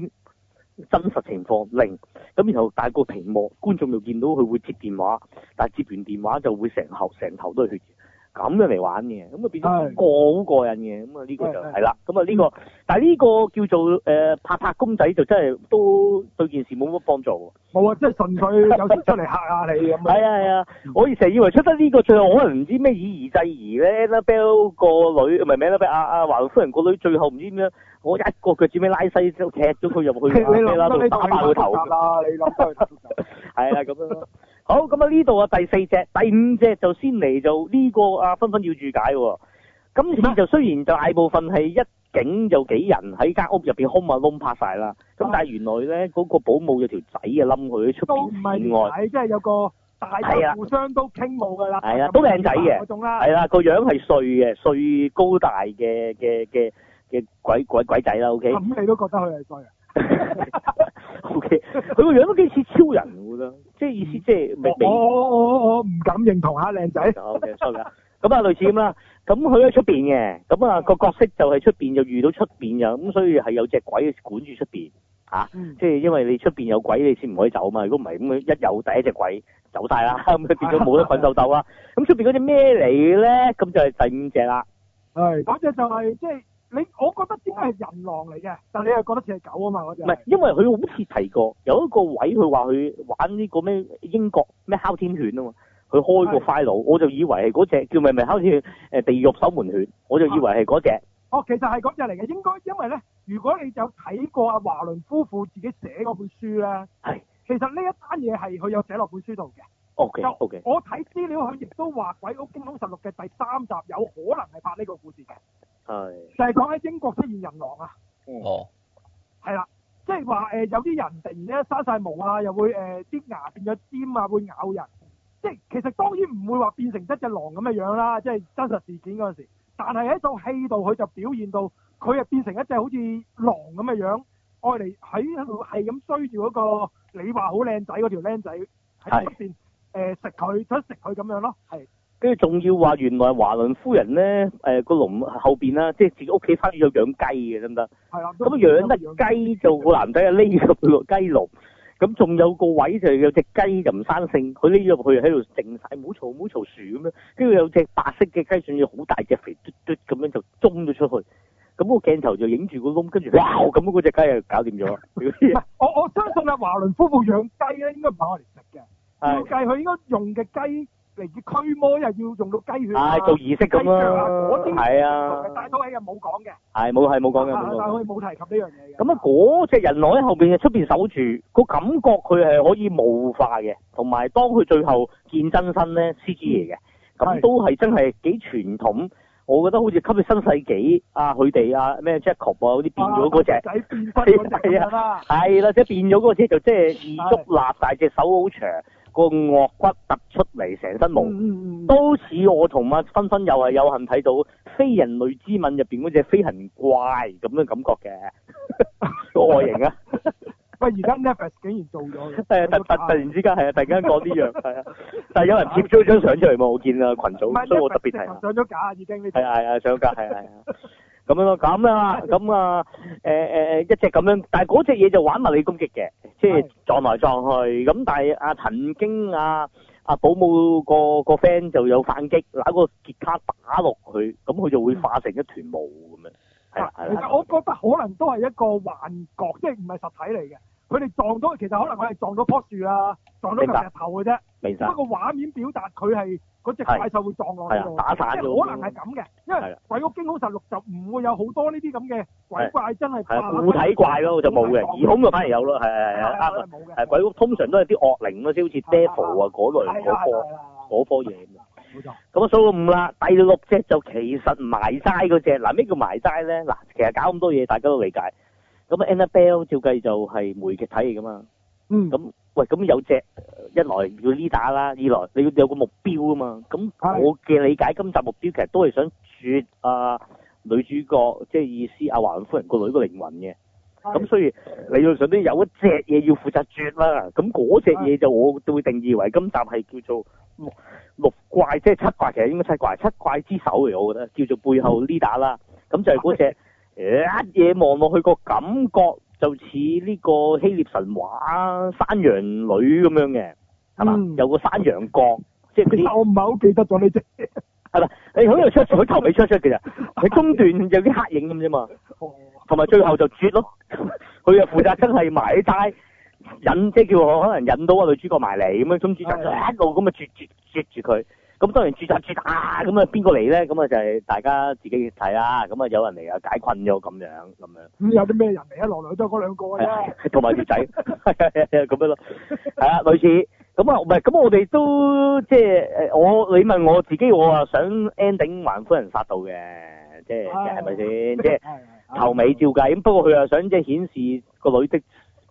真實情況零。咁然後大係個屏幕觀眾又見到佢會接電話，但係接完電話就會成頭成頭都係血。咁樣嚟玩嘅，咁啊變咗個好過癮嘅，咁啊呢個就係啦，咁啊呢個，嗯、但係呢個叫做誒、呃、拍拍公仔就真係都、嗯、對件事冇乜幫助。冇啊，即係純粹有時出嚟吓下你咁。係啊係啊，嗯、我以前以為出得呢、這個最後可能唔知咩以夷制夷咧，拉 bel、那個女唔係名拉 bel 阿阿華夫人個女，最後唔知點樣我一個腳尖拉西就踢咗佢入去咩啦，打爆佢頭啦，你諗翻去。係啦，咁樣。好咁啊！呢度啊第四隻、第五隻就先嚟就呢個啊，分分要注解喎。今次就雖然就大部分係一景就幾人喺間屋入邊空啊窿拍曬啦。咁但係原來咧，嗰個保姆有條仔啊冧佢出邊，意外，即係有個大仔啊，互相都傾慕噶啦，係啊都靚仔嘅，係啦個樣係帥嘅，帥高大嘅嘅嘅嘅鬼鬼鬼仔啦。OK，咁你都覺得佢係帥啊？O K，佢個樣都幾似超人咁咯，就是嗯，即係意思即係我我我我唔敢認同下靚仔。咁啊、okay, sorry 啊，類似咁啦，咁佢喺出邊嘅，咁、那、啊個角色就係出邊就遇到出邊又咁，所以係有隻鬼管住出邊吓，即係因為你出邊有鬼，你先唔可以走嘛。如果唔係咁，佢一有第一隻鬼走晒啦，咁佢變咗冇得瞓豆豆啦。咁出邊嗰隻咩嚟嘅咧？咁就係第五隻啦。係， 嗰隻就係、是、即係。你我覺得應該係人狼嚟嘅、嗯，但你又覺得似係狗啊嘛？嗰隻唔係，因為佢好似提過有一個位，佢話佢玩呢個咩英國咩哮天犬啊嘛，佢開個 file，我就以為係嗰隻叫咪咪哮天犬誒地獄守門犬，我就以為係嗰隻。哦，其實係嗰隻嚟嘅，應該因為咧，如果你有睇過阿華倫夫婦自己寫嗰本書咧，係，其實呢一單嘢係佢有寫落本書度嘅。O K O K，我睇資料，佢亦都話《鬼屋驚恐實錄》嘅第三集有可能係拍呢個故事嘅。係 就係講喺英國出現人狼啊，哦係啦，即係話誒有啲人突然咧生晒毛啊，又會誒啲，呃、牙變咗尖啊，會咬人，即、就、係、是、其實當然唔會話變成一隻狼咁嘅樣啦，即、就、係、是、真實事件嗰陣時，但係喺套戲度佢就表現到佢又變成一隻好似狼咁嘅樣，愛嚟喺度係咁追住嗰個你話好靚仔嗰條僆仔喺出邊誒食佢想食佢咁樣咯，係。跟住仲要話，原來華倫夫人咧，誒個籠後邊啦，即係自己屋企花園有養雞嘅，得唔得？係啦。咁養得雞就個男仔啊，匿入個雞籠。咁仲有個位就有隻雞就唔生性，佢匿入去喺度靜晒，冇嘈冇嘈樹咁樣。跟住有隻白色嘅雞，仲要好大隻肥嘟嘟咁樣就衝咗出去。咁個鏡頭就影住個窿，跟住哇咁嗰隻雞又搞掂咗。 我我相信阿華倫夫婦養雞咧，應該唔係攞嚟食嘅。係。要佢應該用嘅雞。嚟自驅魔又要用到雞血，啊、做儀式咁啊！係啊，但係都冇講嘅。係冇係冇講嘅。但係佢冇提及呢樣嘢咁啊，嗰隻人狼喺後邊，出面守住個感覺，佢係可以霧化嘅，同埋當佢最後見真身咧，獅子爺嘅，咁都係真係幾傳統，啊。我覺得好似吸咗新世紀啊，佢哋啊咩 j a c k p o 啊，好似變咗嗰隻。仔，啊、變嗰隻啦。係即，啊啊啊啊啊、變咗嗰隻就即係二足立，大隻，啊、手好長。個顎骨突出嚟，成身毛、嗯、都似我同阿芬芬又係有幸睇到《非人類之吻》入邊嗰隻飛行怪咁嘅感覺嘅個、嗯、 外形啊！喂，而家 Netflix 竟然做咗，係 突突突然之間係 啊，突然間講啲樣係 啊，但係有人貼咗張相出嚟嘛，我見啊群組，所以我特別睇下。上咗架已經呢？係係啊，啊，上咗架係係啊。 咁樣咯，咁啦，咁啊，誒誒誒一隻咁樣，但係嗰隻嘢就玩物理攻擊嘅，即係撞嚟撞去，咁但係曾經啊，阿、啊、保姆、那個個 friend 就有反擊，拿個吉他打落去，咁佢就會化成一團霧咁樣。係、嗯、啊，我覺得可能都係一個幻覺，即係唔係實體嚟嘅。佢哋撞到，其實可能我係撞到樖樹啊，撞到人頭嘅啫。明白。不過畫面表達佢係嗰隻怪獸會撞落嚟，打散咗。即係可能係咁嘅。因為鬼屋驚恐實六集唔會有好多呢啲咁嘅鬼怪，真係。係。固體怪咯，就冇嘅。異孔就反而有咯，係係係啱嘅。係鬼屋通常都係啲惡靈咯，先好似 Devil 啊嗰類嗰科嗰科嘢。冇錯。咁啊數到五啦，第六隻就其實埋曬嗰隻。嗱，咩叫埋曬咧？嗱，其實搞咁多嘢，大家都理解。咁 Annabelle 照計就係媒體嚟噶嘛。嗯。咁，喂，咁有隻一來要 leader 啦，二來你要有個目標啊嘛。咁我嘅理解，今集目標其實都係想絕啊女主角，即係意思阿華倫夫人個女個靈魂嘅。咁所以理論上都有一隻嘢要負責絕啦。咁嗰隻嘢就我會定義為今集係叫做六怪，即係七怪，其實應該七怪，七怪之首嚟，我覺得叫做背後 leader 啦。咁、嗯、就係嗰隻。一嘢望落去個感覺就似呢個希臘神話山羊女咁樣嘅，係嘛、嗯？有個山羊角，即係我唔係好記得咗呢隻。係咪？你喺度出，佢頭尾出出嘅咋？佢中段有啲黑影咁啫嘛。同埋最後就絕咯，佢啊負責真係埋晒，引，即係叫我可能引到個女主角埋嚟咁啊，總之就一路咁啊絕絕絕住佢。咁當然住宅駐打咁啊，邊個嚟咧？咁啊就係大家自己睇啦。咁啊有人嚟啊解困咗咁樣咁樣。咁有啲咩人嚟啊？落來都係嗰兩個同埋條仔，咁樣咯。係啊，類似咁啊，唔係咁我哋都即係誒我你問我自己，我啊想 ending 還夫人殺到嘅，即係係咪先？即係頭尾照計。咁、哎、不過佢又想即係顯示個女的。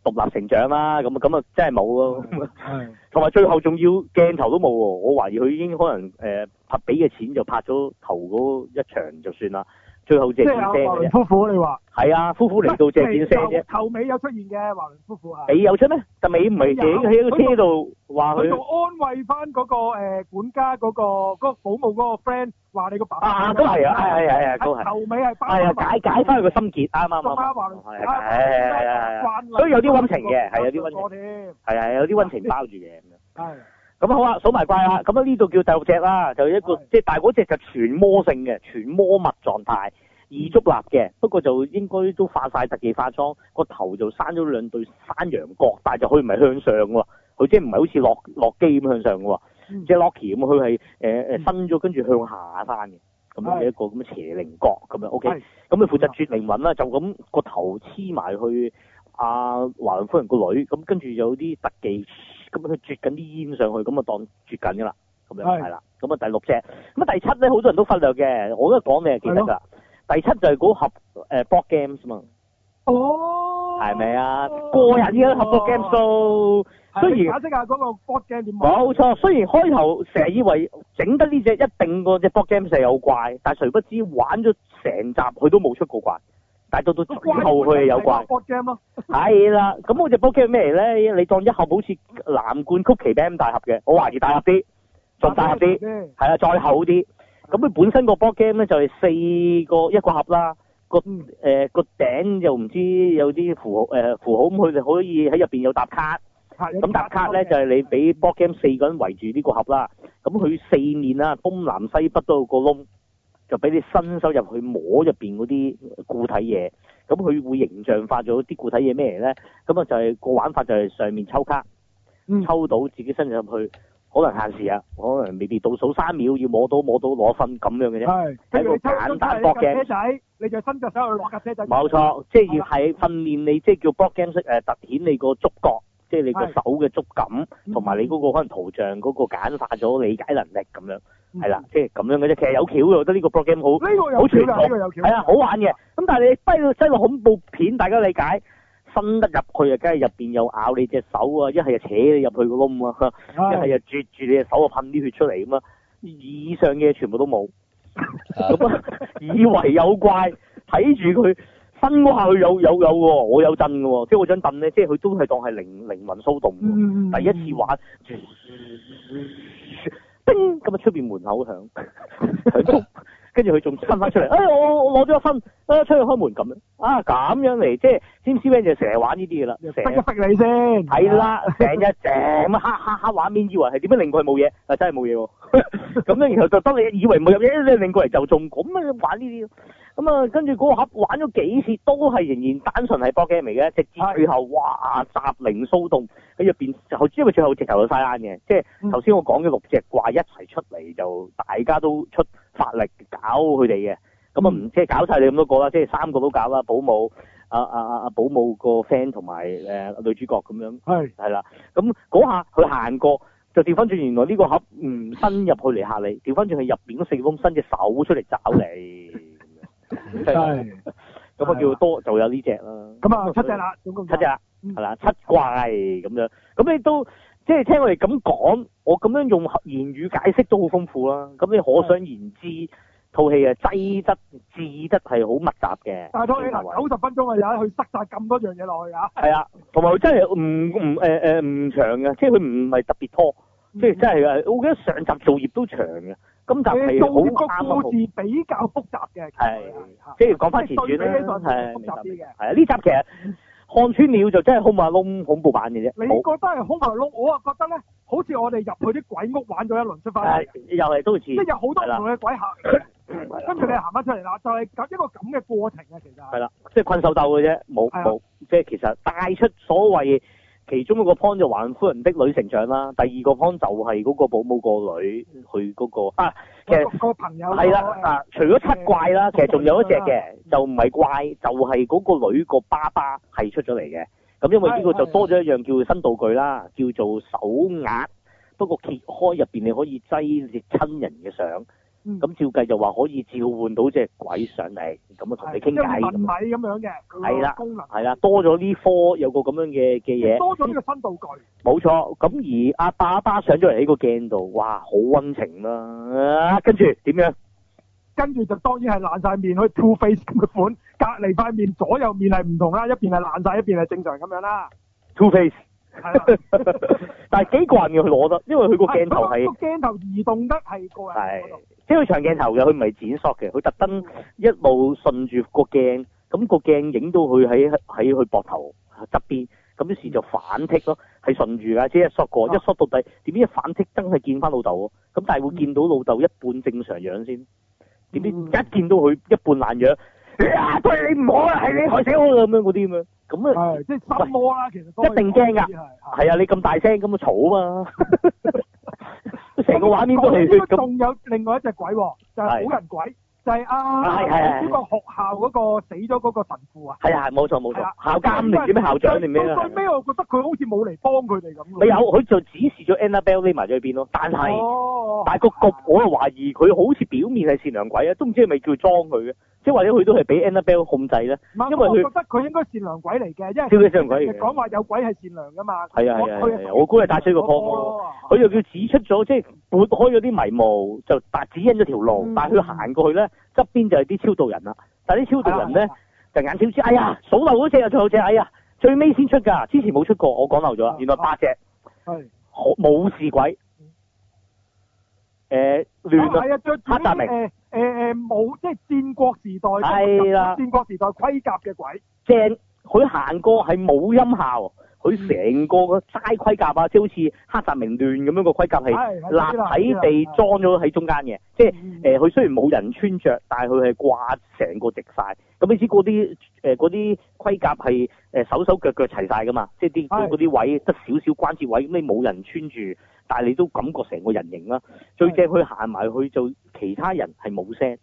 獨立成長啦，咁啊咁啊，真係冇咯。係，同 埋最後仲要鏡頭都冇喎，我懷疑佢已經可能誒、呃、拍俾嘅錢就拍咗頭嗰一場就算啦。最好正見正嘅，夫婦你話係啊，夫婦嚟到正見正啫。頭尾有出現嘅華倫夫婦啊，你有出咩？但尾唔係自己喺個車度，話佢。安慰翻嗰個誒管家嗰個，嗰個保姆嗰個 friend，話你個爸爸。啊，都係啊，係啊，係啊，都係。喺頭尾係包翻。係啊，解解翻佢個心結，啱啱啱。仲加華倫，係係係係係，所以有啲溫情嘅，係有啲溫情，係啊，有啲溫情包住嘢咁樣。係。咁、嗯、好啊，數埋怪啦。咁啊呢度叫第六隻啦，就一個即係大嗰隻就全魔性嘅，全魔物狀態，易捉立嘅。不過就應該都發曬特技化妝，個頭就生咗兩對山羊角，但係就佢唔係向上喎，佢即係唔係好似洛基咁向上嘅喎，即係 Loki 咁佢係誒伸咗跟住向下返嘅，咁、嗯、樣一個咁嘅邪靈角咁樣。O、OK? K。咁佢負責絕靈魂啦，就咁個頭黐埋去阿、啊、華倫夫人個女，咁跟住有啲特技。咁佢啜緊啲煙上去，咁啊當啜緊噶啦，咁樣係啦。咁啊第六隻，咁啊第七咧，好多人都忽略嘅。我都講你記得噶。第七就係嗰盒 board games 嘛。哦。係咪啊？個人啊！盒 board games，雖然解釋下嗰 board games 冇錯，雖然開頭成日以為整得呢隻一定隻 board games 成有怪，但係誰不知玩咗成集佢都冇出過怪。但係到到後去有關，係啦。咁我隻 box game 咩嚟咧？你當一盒好似藍罐曲奇餅咁大盒嘅，我懷疑大盒啲，仲大盒啲，係啊，再厚啲。咁佢本身個 box game 咧就係四個、嗯、一個盒啦，個誒個頂又唔知有啲符號誒、呃、符號咁，佢哋可以喺入邊有搭卡。咁、嗯、搭卡咧就係你俾 box game 四個人圍住呢個盒啦。咁佢四面啊東南西北都有個窿。就俾你伸手入去摸入邊嗰啲固體嘢，咁佢會形象化咗啲固體嘢咩咧？咁啊就係個玩法就係上面抽卡、嗯，抽到自己伸入去，可能限時啊，可能未必倒數三秒要摸到摸到攞分咁樣嘅啫。喺個簡單博嘅。車仔，你就伸隻手去攞架車仔。冇錯，即係要係訓練你，即係叫 block game 式、呃、突顯你個觸覺。即係你個手嘅觸感，同埋、嗯、你嗰個可能圖像嗰個簡化咗理解能力咁樣，係、嗯、啦，即係咁樣嘅啫。其實有橋嘅，我覺得呢個 program 好，呢、呢個有橋，呢個、有係啊，好玩嘅。咁但係你低到睇個恐怖片，大家理解，伸得入去啊，梗係入邊又咬你隻手啊，一係又扯你入去個窿啊，一係又啜住你隻手啊噴啲血出嚟咁啊，以上嘅全部都冇，咁 啊 以為有怪，睇住佢。分嗰下佢有有有喎，我有震噶喎，即係嗰張凳咧，即係佢都係當係靈靈魂騷動、嗯。第一次玩，嗯、叮，咁啊出邊門口響，跟住佢仲伸翻出嚟，哎，我我攞咗一分，啊，出去開門咁樣，啊咁樣嚟，即係 C 知 N 就成日玩呢啲嘢啦，成日你先，係啦，成一成 黑黑黑畫面，以為係點樣擰過嚟冇嘢，嗱、啊、真係冇嘢，咁、啊、樣然後就當你以為冇嘢咧，擰過嚟就中，咁啊玩呢啲。咁啊，跟住嗰個盒玩咗幾次，都係仍然單純係波 game 嚟嘅。直至最後，哇！集靈騷動喺入邊。頭先因為最後直頭到晒眼嘅，即係頭先我講嘅六隻怪一齊出嚟，就大家都出法力搞佢哋嘅。咁、嗯、啊，唔即係搞晒你咁多個啦，即係三個都搞啦，保姆、阿阿阿阿保姆個 friend 同埋誒女主角咁樣，係係啦。咁嗰、嗯、下佢行過，就調翻轉，原來呢個盒唔伸入去嚟嚇你，調翻轉去入邊四封伸隻手出嚟找你。係 真是，咁 啊叫多就有呢隻啦。咁啊七隻啦，總共七隻啦，係咪七、嗯、七怪咁樣。咁你都即係、就是、聽我哋咁講，我咁樣用言語解釋都好豐富啦。咁你可想而知，套戲啊擠得、擠得係好密集嘅。但係套戲嗱，九十分鐘啊，有得去塞晒咁多樣嘢落去啊。係啊，同埋佢真係唔唔誒誒唔長嘅，即係佢唔係特別拖，即、嗯、係、就是、真係啊。我記得上集做業都長嘅。今集係好啱咯，好，個故事比較複雜嘅，係即係講翻前傳咧，係係啊呢集其實看穿了就真係恐嚇窿恐怖版嘅啫。你覺得係恐嚇窿、嗯，我啊覺得咧，好似我哋入去啲鬼屋玩咗一輪出翻，係又係都似。即係有好多唔同嘅鬼客，跟住你行翻出嚟啦，就係、是、咁一個咁嘅過程啊，其實係啦，即係困獸鬥嘅啫，冇冇，即係其實帶出所謂。其中一個 point 就還夫人的女成長啦，第二個 point 就係嗰個保姆、嗰個女佢嗰個啊，其實朋友係啦，啊，除咗七怪啦、嗯，其實仲有一隻嘅，就唔係怪，就係、係、嗰個女個爸爸係出咗嚟嘅。咁因為呢個就多咗一樣叫做新道具啦，叫做手鈪，不過揭開入邊你可以擠隻親人嘅相。咁、嗯、照計就話可以召喚到隻鬼上嚟，咁啊同你傾偈咁樣嘅，係啦功能係啦，多咗呢科有個咁樣嘅嘅嘢，多咗呢個新道具。冇錯，咁而阿爸爸上咗嚟呢個鏡度，哇，好溫情啦、啊！跟住點樣？跟住就當然係爛曬面，去 two face 咁嘅款，隔離塊面左右面係唔同啦，一邊係爛曬，一邊係正常咁樣啦，two face。 但係幾個人要佢攞得， 因為佢個鏡頭係個鏡頭移動得係過人，係即係長鏡頭嘅，佢唔係剪索嘅，佢特登一路順住個鏡，咁個鏡影到佢喺喺佢膊頭側邊，咁於是就反剔咯，係順住㗎，即係一索過，啊、一索到底，點知一反剔真係見翻老豆，咁但係會見到老豆一半正常樣先，點、嗯、知一見到佢一半爛樣，啊、嗯哎、對你你，你唔好啦，係你害死我啦咁樣嗰啲咁樣咁啊，係即係心魔啊其實都一定驚噶，係啊，你咁大聲咁啊嘈啊嘛，成 個畫面都係血咁。仲 有另外一隻鬼、啊，就係、是、好人鬼，就係、是、啊，係係係，嗰個學校嗰個死咗嗰個神父啊，係係冇錯冇錯，校監嚟，點校長嚟咩啊？最尾我覺得佢好似冇嚟幫佢哋咁。有佢就指示咗 Annabelle 匿埋咗喺邊咯，但係、哦，但係個局，啊我啊懷疑佢好似表面係善良鬼啊，都唔知係咪叫裝佢嘅。即或者佢都係俾 Annabelle 控制咧，因為我覺得佢應該善良鬼嚟嘅，因為超級善良鬼嚟嘅，講話有鬼係善良噶嘛？係啊係啊係啊，我估係帶出個破，佢、哦、又叫指出咗，即係撥開咗啲迷霧，就但、是、指引咗條路，嗯、但係佢行過去咧，側邊就係啲超度人啦。但係啲超度人咧、啊、就眼超知，哎呀數漏嗰隻啊，最後隻哎呀，最尾先出噶，之前冇出過，我講漏咗、啊，原來八隻，係、啊、冇事鬼。誒、呃、亂、哦、啊！着住黑澤明誒，冇、呃呃、即係戰國時代，係啦、啊，戰國時代盔甲嘅鬼，正佢行過係冇音效。佢、嗯、成個個齋盔甲啊，即好似黑澤明亂咁樣，個盔甲係立體地裝咗喺中間嘅、嗯，即係佢、呃、雖然冇人穿着，但係佢係掛成個直曬。咁你知嗰啲誒、嗰啲盔甲係手手腳腳齊曬噶嘛？即係啲嗰啲位得少少關節位，咁你冇人穿住，但係你都感覺成個人形啦。最正佢行埋去就其他人係冇聲，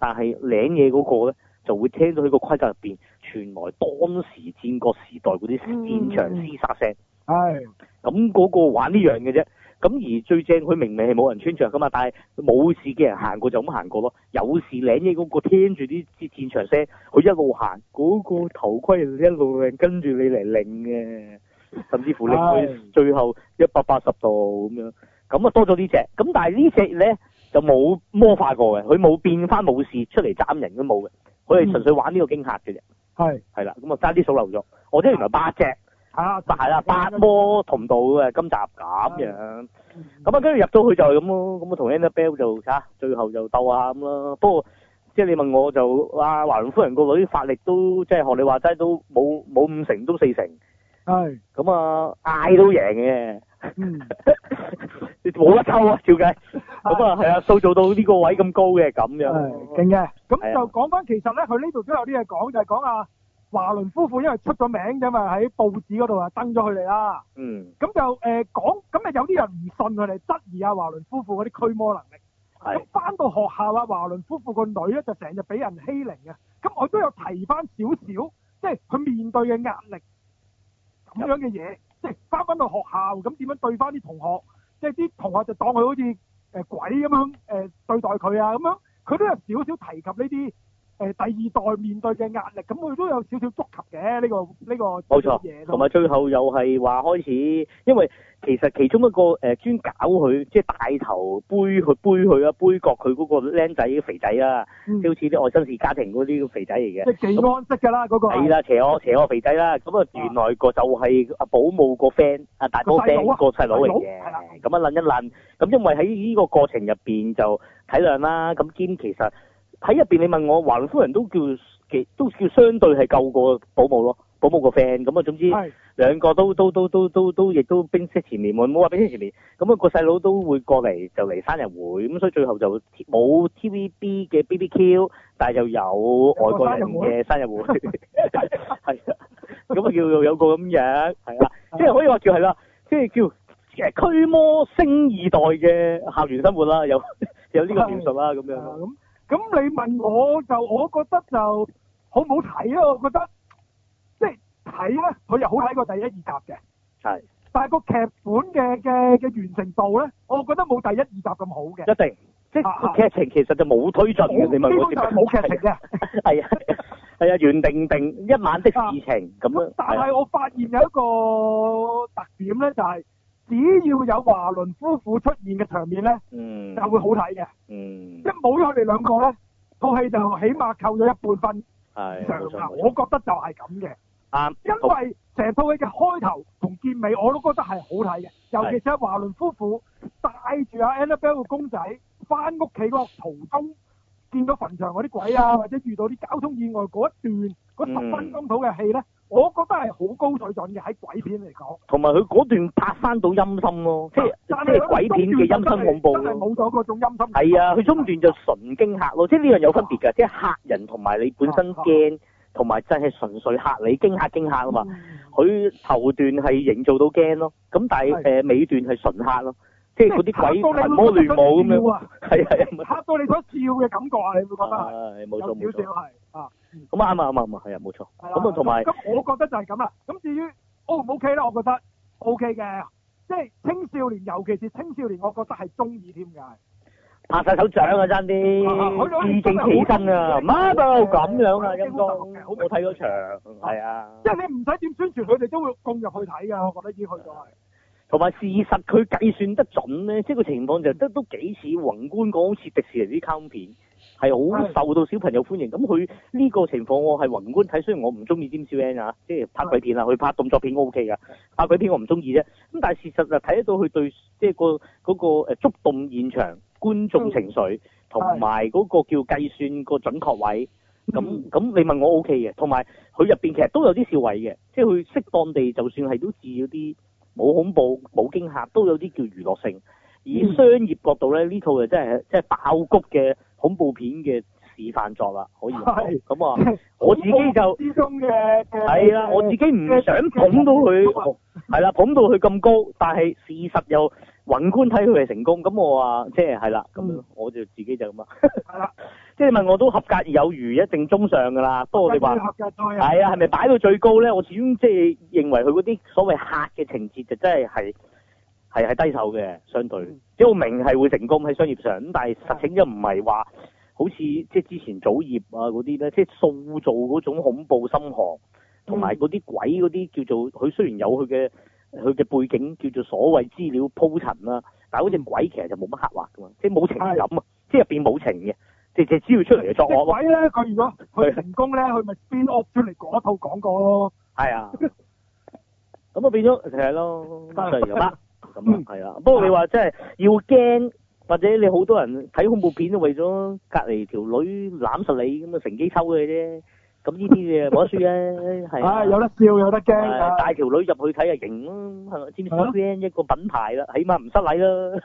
但係領嘢嗰個咧。就會聽到佢個盔甲入邊傳來當時戰國時代嗰啲戰場廝殺聲。係咁嗰個玩呢樣嘅啫。咁、嗯、而最正佢明明係冇人穿著噶嘛，但係冇事嘅人行過就咁行過咯。有事領嘢嗰個聽住啲戰場聲，佢一路行，嗰、嗰個頭盔一路跟住你嚟領嘅，甚至乎領佢最後一百八十度咁樣。咁、嗯、啊多咗呢隻，咁但係呢隻咧就冇魔法過嘅，佢冇變翻冇事出嚟斬人都冇嘅。佢哋純粹玩呢個驚嚇嘅啫，係，係啦，咁啊揸啲數流肉，我、哦、知原來八隻，啊，就係啦，八魔同道嘅、啊、今集咁、啊、樣，咁啊跟住入到去就係咁咯，咁啊同 Annabelle 就嚇最後就鬥下咁咯，不過即係你問我就啊華倫夫人個女法力都即係學你話齋都冇冇五成都四成，係，咁啊嗌都贏嘅。嗯，你 冇得抽啊，照計，咁啊係啊，塑造到呢個位咁高嘅，咁樣，係勁嘅，咁、嗯、就講翻、哎，其實咧佢呢度都有啲嘢講，就係、是、講啊，華倫夫婦因為出咗名啫嘛，喺報紙嗰度啊登咗佢哋啦，嗯，咁就誒講，咁、呃、咪有啲人唔信佢哋，質疑啊華倫夫婦嗰啲驅魔能力，係，咁翻到學校啊，華倫夫婦個女咧就成日俾人欺凌啊，咁我都有提翻少少，即係佢面對嘅壓力，咁樣嘅嘢。嗯即係翻返到學校咁點樣對翻啲同學，即係啲同學就當佢好似鬼咁樣誒、呃、對待佢啊咁樣，佢都有少少提及呢啲。誒、第二代面對嘅壓力，咁佢都有少少觸及嘅，呢個呢個嘢冇錯，同埋最後又係話開始，因為其實其中一個誒專、呃、搞佢，即、就、係、是、大頭背佢背佢啊，背角佢嗰個僆仔肥仔啊，即好似啲外新氏家庭嗰啲肥仔嚟嘅。即係幾安息㗎啦，嗰、嗰個係啦，邪我邪我肥仔啦。咁啊，原來個就係阿保姆個 friend，阿大哥 o y 個細佬嚟嘅。咁啊，撚一撚，咁因為喺呢個過程入邊就體諒啦，咁兼其實。喺入邊你問我華倫夫人都叫都叫相對係夠過保姆咯，保姆個 friend 咁啊，總之兩個都都都都都都亦都，都，都，都，都冰釋前年，冇冇話冰釋前年，咁啊、嗰個細佬都會過嚟就嚟生日會，咁所以最後就冇 T V B 嘅 B B Q，但係又有外國人嘅生日會，係咁啊叫有個咁樣係啦，即係可以話叫係啦，即係叫誒驅魔星二代嘅校園生活啦，有有呢個描述啦咁樣。咁你問我就，我覺得就好唔好睇啊？我覺得即係睇咧，佢又、啊、好睇過第一二集嘅。係。但係個劇本嘅嘅嘅完成度咧，我覺得冇第一二集咁好嘅。一定。即係個劇情其實就冇推進嘅，你咪冇。基本就係冇劇情嘅。係啊，係啊，原、啊、定定一晚的事情咁、啊、但係、啊、我發現有一個特點咧，就係、係。只要有華倫夫婦出現嘅場面咧，嗯，就會好睇嘅，嗯，一冇咗佢哋兩個咧，套戲就起碼扣咗一半分，係、哎，常我覺得就係咁嘅，啱、嗯，因為成套戲嘅開頭同結尾我都覺得係好睇嘅，尤其是華倫夫婦帶住阿 Annabelle 嘅公仔翻屋企嗰個途中見到墳場嗰啲鬼啊，或者遇到啲交通意外嗰一段嗰十分鐘到嘅戲咧。嗯我覺得係好高水準嘅，喺鬼片嚟講，同埋佢嗰段拍返到陰森咯，即係即係鬼片嘅陰森恐怖，真係冇咗嗰種陰森。係啊，佢中段就純驚嚇咯，即係呢樣有分別嘅，即係嚇人同埋你本身驚，同埋真係純粹嚇你驚嚇驚嚇啊嘛。佢頭段係營造到驚咯，咁但係誒尾段係純嚇咯，即係嗰啲鬼神魔亂舞咁樣。係啊，嚇到你得笑嘅感覺啊，你會覺得係有少少係。啊，咁、嗯、啊，啱啊，啱啊，係啊，冇錯。咁啊，同埋，咁、嗯、我覺得就係咁啦。咁至於 O 唔 O K 啦，我覺得 O K 嘅，即係、OK 就是、青少年，尤其是青少年，我覺得係中意添㗎。拍晒手掌啊，爭啲企起身啊 m 咁樣啊，應該我睇咗場，係啊。即係、就是、你唔使點宣傳，佢哋都會攻入去睇噶、嗯。我覺得已經去咗係。同、啊、埋事實，佢計算得準咧，即係個情況就得都都幾似宏觀講，好似迪士尼啲卡通片。係好受到小朋友歡迎咁，佢呢個情況我係宏觀睇，雖然我唔中意 James Wan 啊，即、就、係、是、拍鬼片啊，佢拍動作片 O K 噶，拍鬼片我唔中意啫。咁但係事實就睇得到佢對即係、就是那個嗰、那個誒觸、那個、動現場觀眾情緒同埋嗰個叫計算個準確位。咁咁你問我 O K 嘅，同埋佢入面其實都有啲笑位嘅，即係佢適當地就算係都治咗啲冇恐怖冇驚嚇，都有啲叫娛樂性。而商業角度咧，呢套就真係真係爆谷嘅。恐怖片嘅示範作啦，可以咁啊、嗯，我自己就之中嘅係啦，我自己唔想捧到佢，係、嗯、啦、啊、捧到佢咁高，但係事實又宏觀睇佢係成功，咁我話即係係啦，咁、啊嗯、我就自己就咁啦，啊、 即係問我都合格而有餘，一定中上噶啦，不過我哋話係啊，係咪擺到最高咧？我始終即係認為佢嗰啲所謂客嘅情節就真係係。係係低手嘅相對，嗯、即係我明係會成功喺商業上，咁但係實情就唔係話好似即係之前組業啊嗰啲咧，即係塑造嗰種恐怖心寒，同埋嗰啲鬼嗰啲，叫做佢雖然有佢嘅佢嘅背景，叫做所謂資料鋪陳啦，但係好似鬼其實就冇乜刻畫㗎嘛，即係冇情感啊，是的即係入邊冇情嘅，即就只要出嚟就作惡。的鬼咧，佢如果佢成功咧，佢咪 spin off 出嚟一套講過咯。是。係 啊，咁啊變咗係咯，得就得。咁、嗯、啊，係、嗯、啊，不過你話真係要驚，或者你好多人睇恐怖片都為咗隔籬條女攬實你，咁啊乘機抽佢啫。咁呢啲嘢冇得輸啊，係、 啊。啊，有得笑有得驚、啊。帶、啊、條女入去睇啊，型咯、啊，係咪？brand 一個品牌啦，起碼唔失禮啦。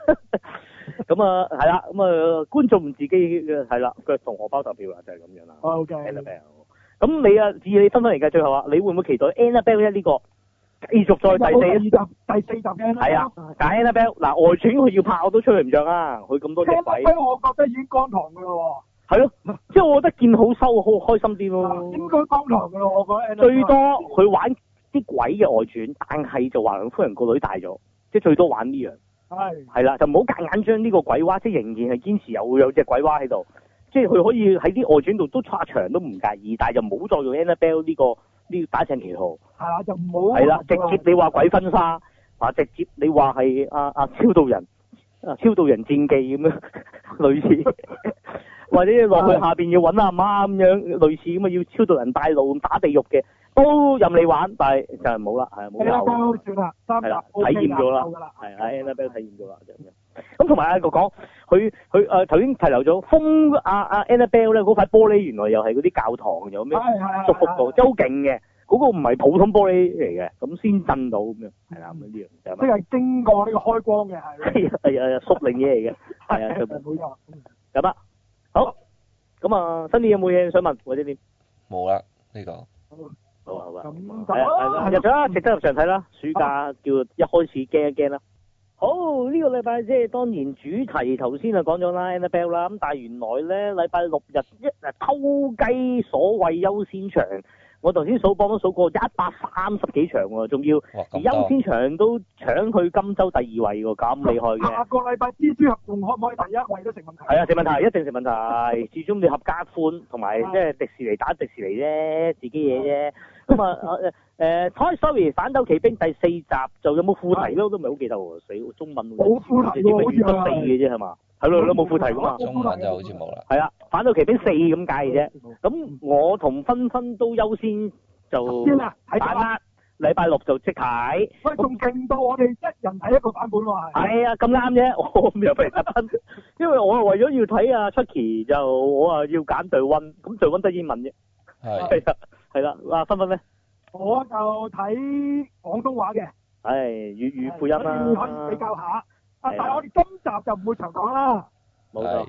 咁 啊、嗯，係啦，咁、嗯、啊、呃，觀眾自己係啦，嘅同荷包投票就係、是、咁樣啦。Oh, okay、Annabelle。n n l l 咁你啊，至於你分分嚟嘅最後話、啊，你會唔會期待 Annabelle 呢、呢個？繼續再第，第四集第四集嘅啦，係啊，解 Annabelle 嗱外傳佢要拍我都出唔着啊，佢、嗯、咁多隻鬼、嗯，我覺得已經乾塘噶咯喎。係咯、啊嗯，即係我覺得見好收好開心啲咯、啊嗯。應該乾塘噶咯，我覺得最多佢玩啲鬼嘅外傳，但係就話夫人個女大咗，即係最多玩呢、這、樣、個。係係啦，就唔好夾硬將呢個鬼娃，即係仍然係堅持有有隻鬼娃喺度，即係佢可以喺啲外傳度都刷場都唔介意，但係就唔好再用 Annabelle 呢、這個。你要打正旗號，係啦就唔好，啊，係啦直接你話鬼婚紗，直接你話係啊啊超度人，超度人戰記咁樣類， 類似，或者落去下邊要搵阿媽咁樣類似咁啊要超度人帶路打地獄嘅，都任你玩，但係就係冇啦，係啊冇。係啦，夠啦，三日、OK、體驗咗啦，係啦 Annabelle 體驗咗啦，就咁同埋阿哥講，佢佢誒頭先提留咗封阿阿 Annabelle 咧嗰塊玻璃，原來又係嗰啲教堂有咩祝福過，都好勁嘅。嗰、哎哎那個唔係普通玻璃嚟嘅，咁先震到咁、嗯、 樣，係啦咁樣呢樣即係經過呢個開光嘅，係啊啊啊，縮靈嘢嚟嘅，係啊冇錯。阿伯好，咁啊 Sunny 有冇嘢想問或者點？冇啦，呢個？好，啊，好啊。咁入咗，入咗啦，值得入場睇啦。暑假、啊、叫一開始驚一驚啦。好呢，這個禮拜即係當然主題，頭先就講咗啦，Annabelle 啦咁，Annabelle，但係原來咧禮拜六日一偷雞所謂優先場，我頭先數榜都數過一百三十幾場，仲要而優先場都搶去今周第二位喎，咁厲害嘅。下個禮拜蜘蛛俠仲可唔可以第一位都成問題。係啊，成問題，一定成問題， 始終你合家歡同埋即係迪士尼打迪士尼啫，自己嘢啫。咁 啊那麼。 誒、uh,，Toy sorry，反斗奇兵第四集就有冇副題咯？啊、我都唔係好記得喎，死中文。冇副題喎，好似係嘛？係咯，都冇副題噶嘛。中文就好似冇啦。係啦、啊，反斗奇兵四咁解嘅啫。咁我同分分都優先就打，先禮拜禮拜六就即睇。喂，仲勁到我哋一人睇一個版本喎，係。係啊，咁啱啫。我又唔係因為，我係為咗要睇啊出奇就我啊要揀台温，咁台温得英文啫。係。係啊，係啦，哇，分分咧？我就睇廣東話嘅，係、哎、粵語、粵語配音啦，以粵語可以比較下。啊，但係我哋今集就唔會長講啦，冇錯，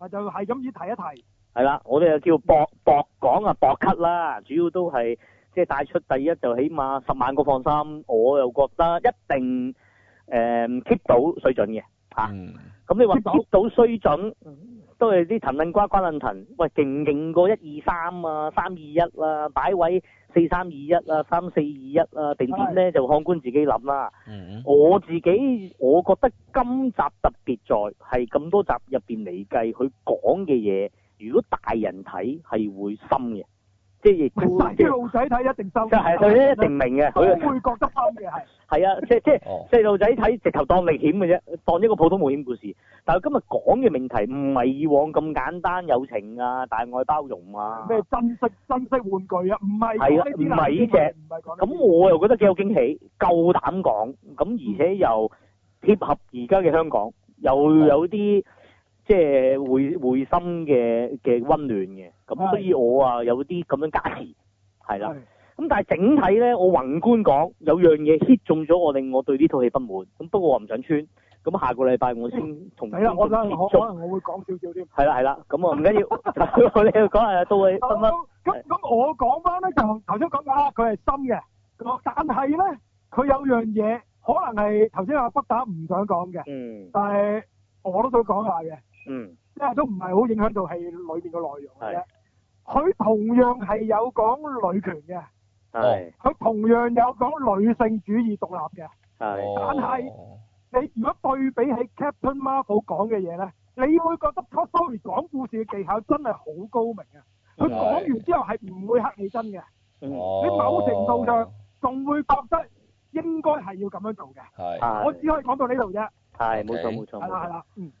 咪就係咁意提一提。係啦，我哋又叫博博講啊，博咳啦，主要都係即係帶出第一，就起碼十萬個放心，我又覺得一定誒、呃、keep 到水準嘅。吓、啊，咁你話到衰準，都係啲騰論瓜瓜論騰，喂，勁唔勁過一二三啊，三二一啊，擺位四三二一啊，三四二一啊，定點咧就看官自己諗啦、嗯。我自己我覺得今集特別在係咁多集入邊嚟計，佢講嘅嘢，如果大人睇係會深嘅。即係細路仔睇一定收，就係、是、佢、就是、一定明嘅，佢會覺得啱嘅係。係 啊，即係、哦、即係細路仔睇直頭當冒險嘅啫，當一個普通冒險故事。但係今日講嘅命題唔係以往咁簡單友情啊，大愛包容啊。咩珍惜珍惜玩具啊？唔係係啊，唔係呢隻。咁我又覺得幾有驚喜，夠膽講，咁而且又貼合而家嘅香港，又有啲。即係會會心嘅嘅溫暖嘅，咁所以我啊有啲咁樣加詞，係啦。咁但係整體咧，我宏觀講有樣嘢 hit 中咗我，令我對呢套戲不滿。咁不過我唔想穿。咁下個禮拜我先同。係啦，我想可可能我會講少少添。係啦係啦，咁啊唔緊要，你講下都會。咁咁我講翻咧就頭先講嘅啦，佢係真嘅。我但係咧，佢有樣嘢可能係頭先阿北打唔想講嘅，嗯，但係我都想講下嘅。嗯，即係都唔係好影響到戲裏邊嘅內容嘅啫。佢同樣係有講女權嘅，係佢同樣有講女性主義獨立嘅，係。但係，哦，你如果對比起 Captain Marvel 講嘅嘢咧，你會覺得 Toy Story 講故事嘅技巧真係好高明啊！佢講完之後係唔會黑起身嘅，哦，你某程度上仲會覺得應該係要咁樣做嘅。係，我只可以講到呢度啫。係，冇錯冇錯，係啦係啦，嗯。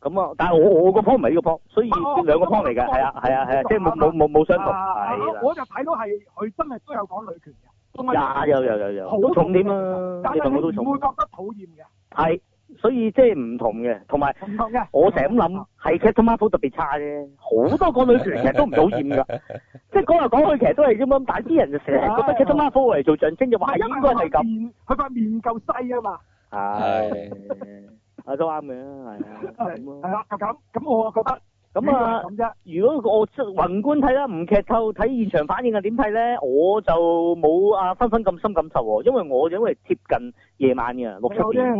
咁啊，但係我我個 point 唔係呢個 point，所以兩個 point 嚟嘅，係啊係啊係啊，即係冇冇冇冇相同。啊、我我就睇到係佢真係都有講女權嘅，有有有有，好重，啊、重點啊！但會，但你同我都重，唔會覺得討厭嘅。係，所以即係唔同嘅，同埋唔同嘅。我成日咁諗，係 Captain Marvel 特別差啫，好多講女權其實都唔討厭噶，即係講嚟講去其實都係咁，但係啲人就成日覺得 Captain Marvel 嚟做象徵嘅話應該係咁，佢塊面夠細啊嘛。係。啊都啱嘅。係啊，係啊，就咁，咁我啊覺得咁啊，如果我宏觀睇啦，唔劇透睇現場反應係點睇咧？我就冇啊分分咁深感受喎，因為我因為貼近夜晚嘅六七點，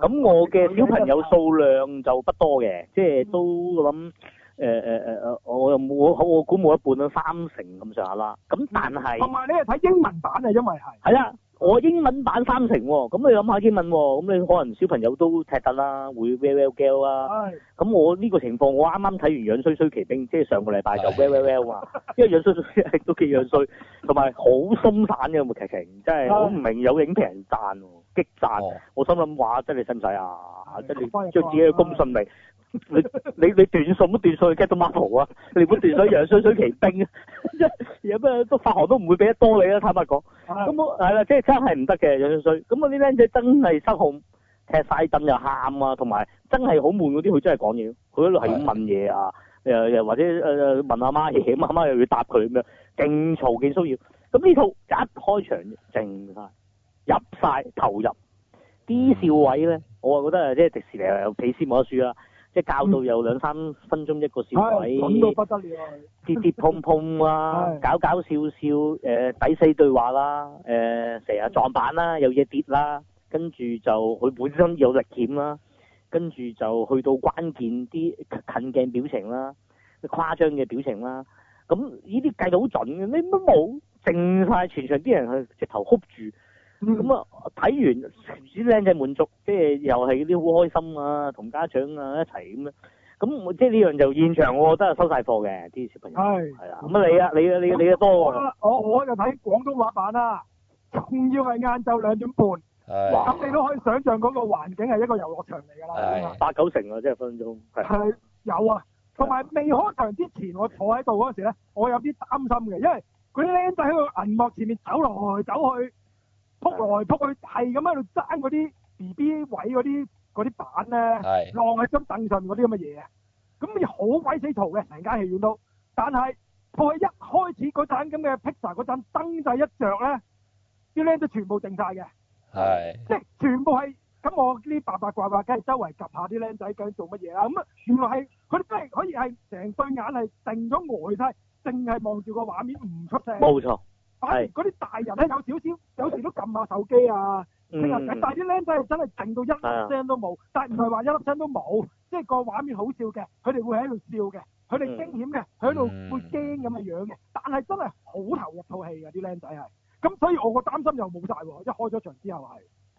咁我嘅小朋友數量就不多嘅，即係都我諗誒誒誒誒，我又冇我我估冇一半啦，三成咁上下啦。咁但係同埋你係睇英文版啊，因為係。係啊，我英文版三成喎、哦，咁你諗下英文喎、哦，咁你可能小朋友都踢得啦、啊，會 very well girl 啊，咁、哎嗯、我呢個情況我啱啱睇完《樣衰衰奇兵》，即係上個禮拜就 very well well, well 因為樣衰衰 都叫樣衰，同埋好鬆散嘅個劇情，真係我唔明有影評人讚喎，激讚、哦，我心諗話真係你使唔使啊？真係你將自己嘅公信力。 你你你斷水都斷水，get 到馬圖啊！你冇斷水，羊水水奇兵啊！ 有咩都發汗都唔會俾得多你啊！坦白講，咁冇係啦，即係真係唔得嘅羊水水。咁我啲僆仔真係失控，踢晒凳又喊啊！同埋真係好悶嗰啲，佢真係講嘢，佢喺度係咁問嘢啊！又又或者誒問阿媽嘢，媽媽又要答佢咁樣，勁嘈勁騷擾。咁呢套就一開場靜晒，入晒投入。啲笑位咧，我啊覺得即係迪士尼又幾先冇得輸啦～即教到有兩三分鐘一個小鬼，跌、嗯、跌碰碰啦， 搞搞笑笑誒、呃、抵死對話啦，誒成日撞板啦，有嘢跌啦，跟住就佢本身有歷險啦，跟住就去到關鍵啲近鏡表情啦，誇張嘅表情啦，咁呢啲計到好準嘅，你都冇？淨係全場啲人去直頭哭住。咁啊睇完啲靚仔滿足，即係又係嗰啲好開心啊，同家長啊一齊咁樣。咁即係呢樣就現場我覺得都係收晒貨嘅啲小朋友，係啊。咁乜啊，你嘅你你嘅多啊。我我就睇廣東話版啦，仲要係晏晝兩點半。咁你都可以想像嗰個環境係一個遊樂場嚟㗎啦。八九成啊，即係分分鐘。係有啊，同埋未開場之前我坐喺度嗰時咧，我有啲擔心嘅，因為佢啲靚仔喺個銀幕前面走來走去。撲來撲去，係咁喺度爭嗰啲 B B 位嗰啲啲板咧，晾喺張凳上嗰啲咁嘅嘢啊，咁你好鬼死嘈嘅，成間戲院都。但係我喺一開始嗰陣咁嘅 Pixar 嗰盞燈掣一着咧，啲僆仔全部靜晒嘅，即係全部係。咁我啲八八卦卦，跟住周圍 𥄫 下啲僆仔究竟做乜嘢啦？咁啊，原來係佢哋真係可以係成對眼係定咗呆晒，淨係望住個畫面唔出聲。冇錯。反而嗰啲大人咧，有少少，有時都撳下手機啊，成、嗯、日但係啲僆仔係真係靜到一粒聲都冇、啊，但係唔係話一粒聲都冇，即、就、係、是、個畫面好笑嘅，佢哋會喺度笑嘅，佢、嗯、哋驚險嘅，喺度會驚咁嘅樣嘅，但係真係好投入套戲嘅啲僆仔係，咁所以我個擔心又冇晒喎，一開咗場之後係。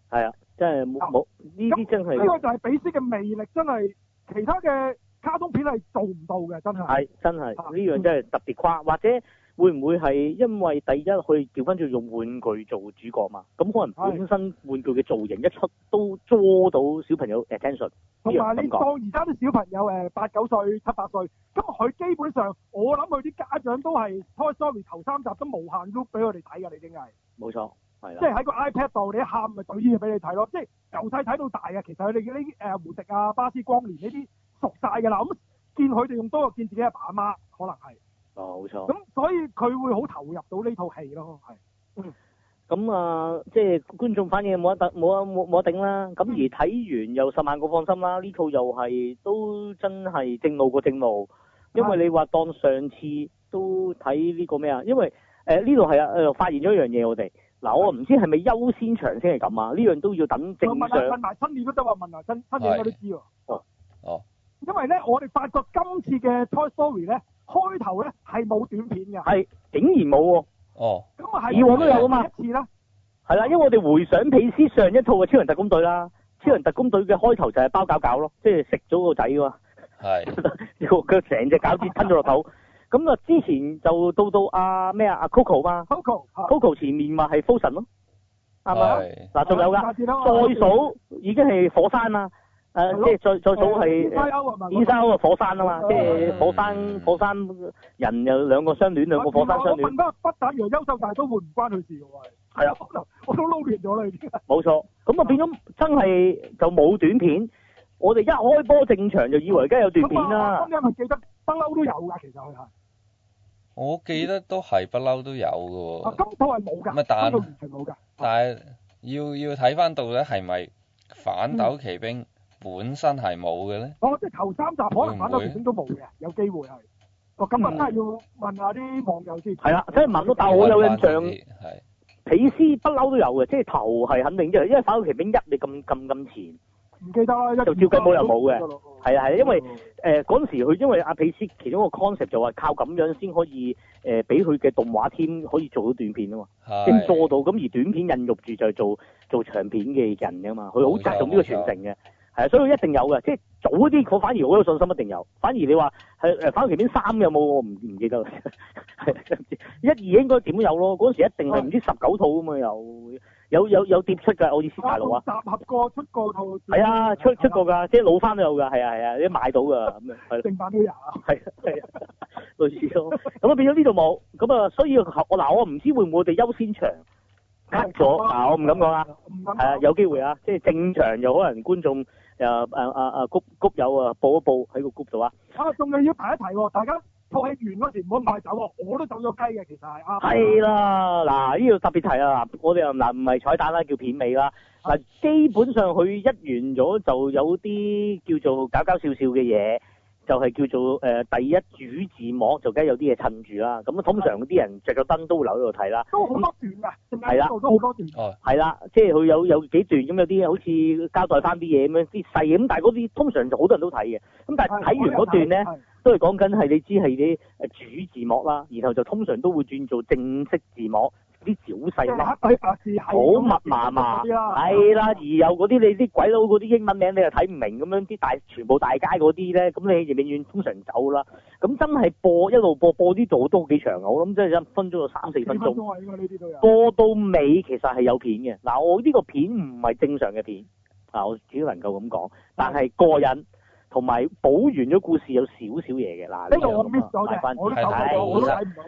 係啊，真係冇冇呢啲真係。呢個就係彼思嘅魅力真，真係其他嘅卡通片係做唔到嘅，真係。係真係呢、啊、樣真係特別誇，嗯、或者。會唔會係因為第一去叫調翻用玩具做主角嘛？咁可能本身玩具嘅造型一出都捉到小朋友 attention 同埋你當而家啲小朋友誒，八九歲、七八歲，咁佢基本上我諗佢啲家長都係 Toy Story 頭三集都無限 loop 俾我哋睇噶，你正解冇錯，係啦。即係喺個 iPad 度，你一喊咪懟俾你睇咯。即係由細睇到大嘅，其實佢哋呢啲誒，呃，胡迪啊，巴斯光年呢啲熟晒噶啦。咁見佢哋用多個，見自己阿爸阿媽可能係。哦，冇錯。咁所以佢會好投入到呢套戲咯，係。咁、嗯、啊，即、嗯、係、嗯呃就是、觀眾反應冇得冇冇冇得頂啦。咁、嗯、而睇完又十萬個放心啦，呢、嗯、套又係都真係正路過正路。因為你話當上次都睇呢個咩啊？因為誒呢度係啊，誒、呃呃、發現咗一樣嘢我哋。嗱、嗯，我唔知係咪優先場先係咁啊？呢、嗯、樣都要等正常。問埋親你都得啊？問埋陳陳你我都知喎。哦哦。因為咧，我哋發覺今次嘅 Toy Story 咧。開頭咧係冇短片嘅，係竟然冇喎，啊。哦，咁啊係以往都有啊嘛，哦，一次係啦，因為我哋回想彼斯上一套嘅超人特工隊啦，超人特工隊嘅開頭就係包餃餃咯，即係食咗個仔嘛。係，個成隻餃子吞咗落肚。咁、 嗯、啊，啊， 啊，啊，啊，之前就到到阿咩啊阿 Coco 嘛，Coco，Coco 前面話係 Fusion 咯，係、啊、咪？嗱，啊、仲，啊啊啊啊，有噶，再，啊，數已經係火山啦。係，即係最最早係火山嗰個火山啊嘛，即係火山火山人又兩個相戀，兩個火山相戀。我問過不嬲，優獸大都會唔關佢事嘅喎。係啊，我都我都撈亂咗啦，你知啊。冇錯，咁啊變咗真係就冇短片。我哋一開波正常就以為而家有短片啦。咁啊，今日咪記得不嬲都有㗎，其實佢係。我記得都係不嬲都有嘅喎。今套係冇㗎，都唔係冇㗎。但係要要睇翻到底係咪反斗奇兵？本身係冇嘅咧，我、哦、即係頭三集可能反斗奇兵都冇嘅，有機會係，咁今日真係要問下啲網友先。係、嗯、啦，即係問到但我有印象，嗯、皮斯不嬲都有嘅，即係頭係肯定，即係因為反斗奇兵一你咁咁咁前，唔記得啦，就照計冇又冇嘅，係啊係，因為誒嗰陣時佢因為阿皮斯其中一個 concept 就話靠咁樣先可以誒俾佢嘅動畫 team 可以做到短片啊嘛，即係做到咁而短片孕育住就做做長片嘅人啊嘛，佢好着重呢個傳承嘅。哦哦。係，所以一定有嘅，即係早啲我反而好有信心一定有。反而你話係誒，反而其邊三有冇？我唔唔記得啦。一、嗯、二 應該點都有咯。嗰陣時一定係唔知十九套咁啊有，有有有碟出㗎，我意思大佬啊。試試啊集合過出過套。係啊，出啊出過㗎、啊，即係老番都有㗎，係啊係啊，你買到㗎咁啊，正版都有啊。係、啊啊、 類似咯。咁啊變咗呢度冇，咁啊所以我嗱我唔知會唔會哋優先場隔咗？嗱我唔敢講啊。係啊，有機會啊，即係正常又可能觀眾。又誒誒誒谷谷友啊，報一報喺個谷度啊！啊，仲、啊、要、啊啊啊、要提一提喎、哦，大家套戲完嗰時唔好快走喎，我都走咗雞嘅。其實係啊，係、啊、啦，嗱呢度特別提啊，嗱我哋又嗱唔係彩蛋啦、啊，叫片尾啦、啊，嗱、啊啊、基本上佢一完咗就有啲叫做搞搞笑笑嘅嘢。就係、是、叫做誒、呃、第一主字幕，就梗係有啲嘢襯住啦。咁通常嗰啲人着咗燈都會留喺度睇啦。都好多段㗎、啊，係、嗯、啦，都好多段、啊，係啦，即係佢有有幾段咁，有啲好似交代翻啲嘢咁樣啲細嘢，咁但係嗰啲通常就好多人都睇嘅。咁但係睇完嗰段咧，都係講緊係你知係啲主字幕啦，然後就通常都會轉做正式字幕。啲小細好、啊、密麻麻，係、啊、啦、啊，而有嗰啲你啲鬼佬嗰啲英文名你又睇唔明咁樣，啲大全部大街嗰啲咧，咁你亦永遠，遠，遠通常走啦。咁真係播一路播播啲度都幾長我諗，即係分咗個三四分鐘四分都都。播到尾其實係有片嘅嗱，我呢個片唔係正常嘅片啊！我只能夠咁講，但係過癮同埋補完咗故事有少少嘢嘅啦，呢個我 miss 咗我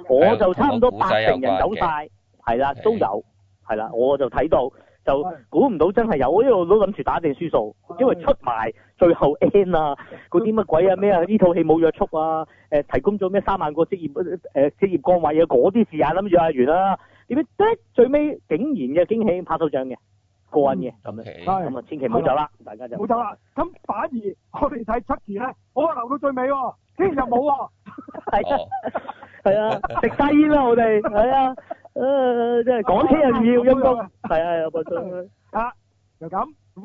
我，我就差唔多八成人走晒。係啦、啊，都有，係啦、啊，我就睇到，就估唔到真係有，我一路都諗住打定輸數，因為出埋最後 N 啊，嗰啲乜鬼啊咩啊，呢套戲冇約束啊，誒提供咗咩三萬個職業誒職業崗位、嗯、啊，嗰啲事啊諗住阿完啦，點知得最尾竟然嘅驚喜拍到掌嘅，過癮嘅，咁咁啊，千祈唔好走啦，大家就冇走啦，咁反而我哋睇出嚟咧，我留到最尾，竟然冇喎，係啊，食雞啦我哋，係啊。 是 誒、啊，即係講起又要，應該係啊係，冇錯啊，又、啊、咁、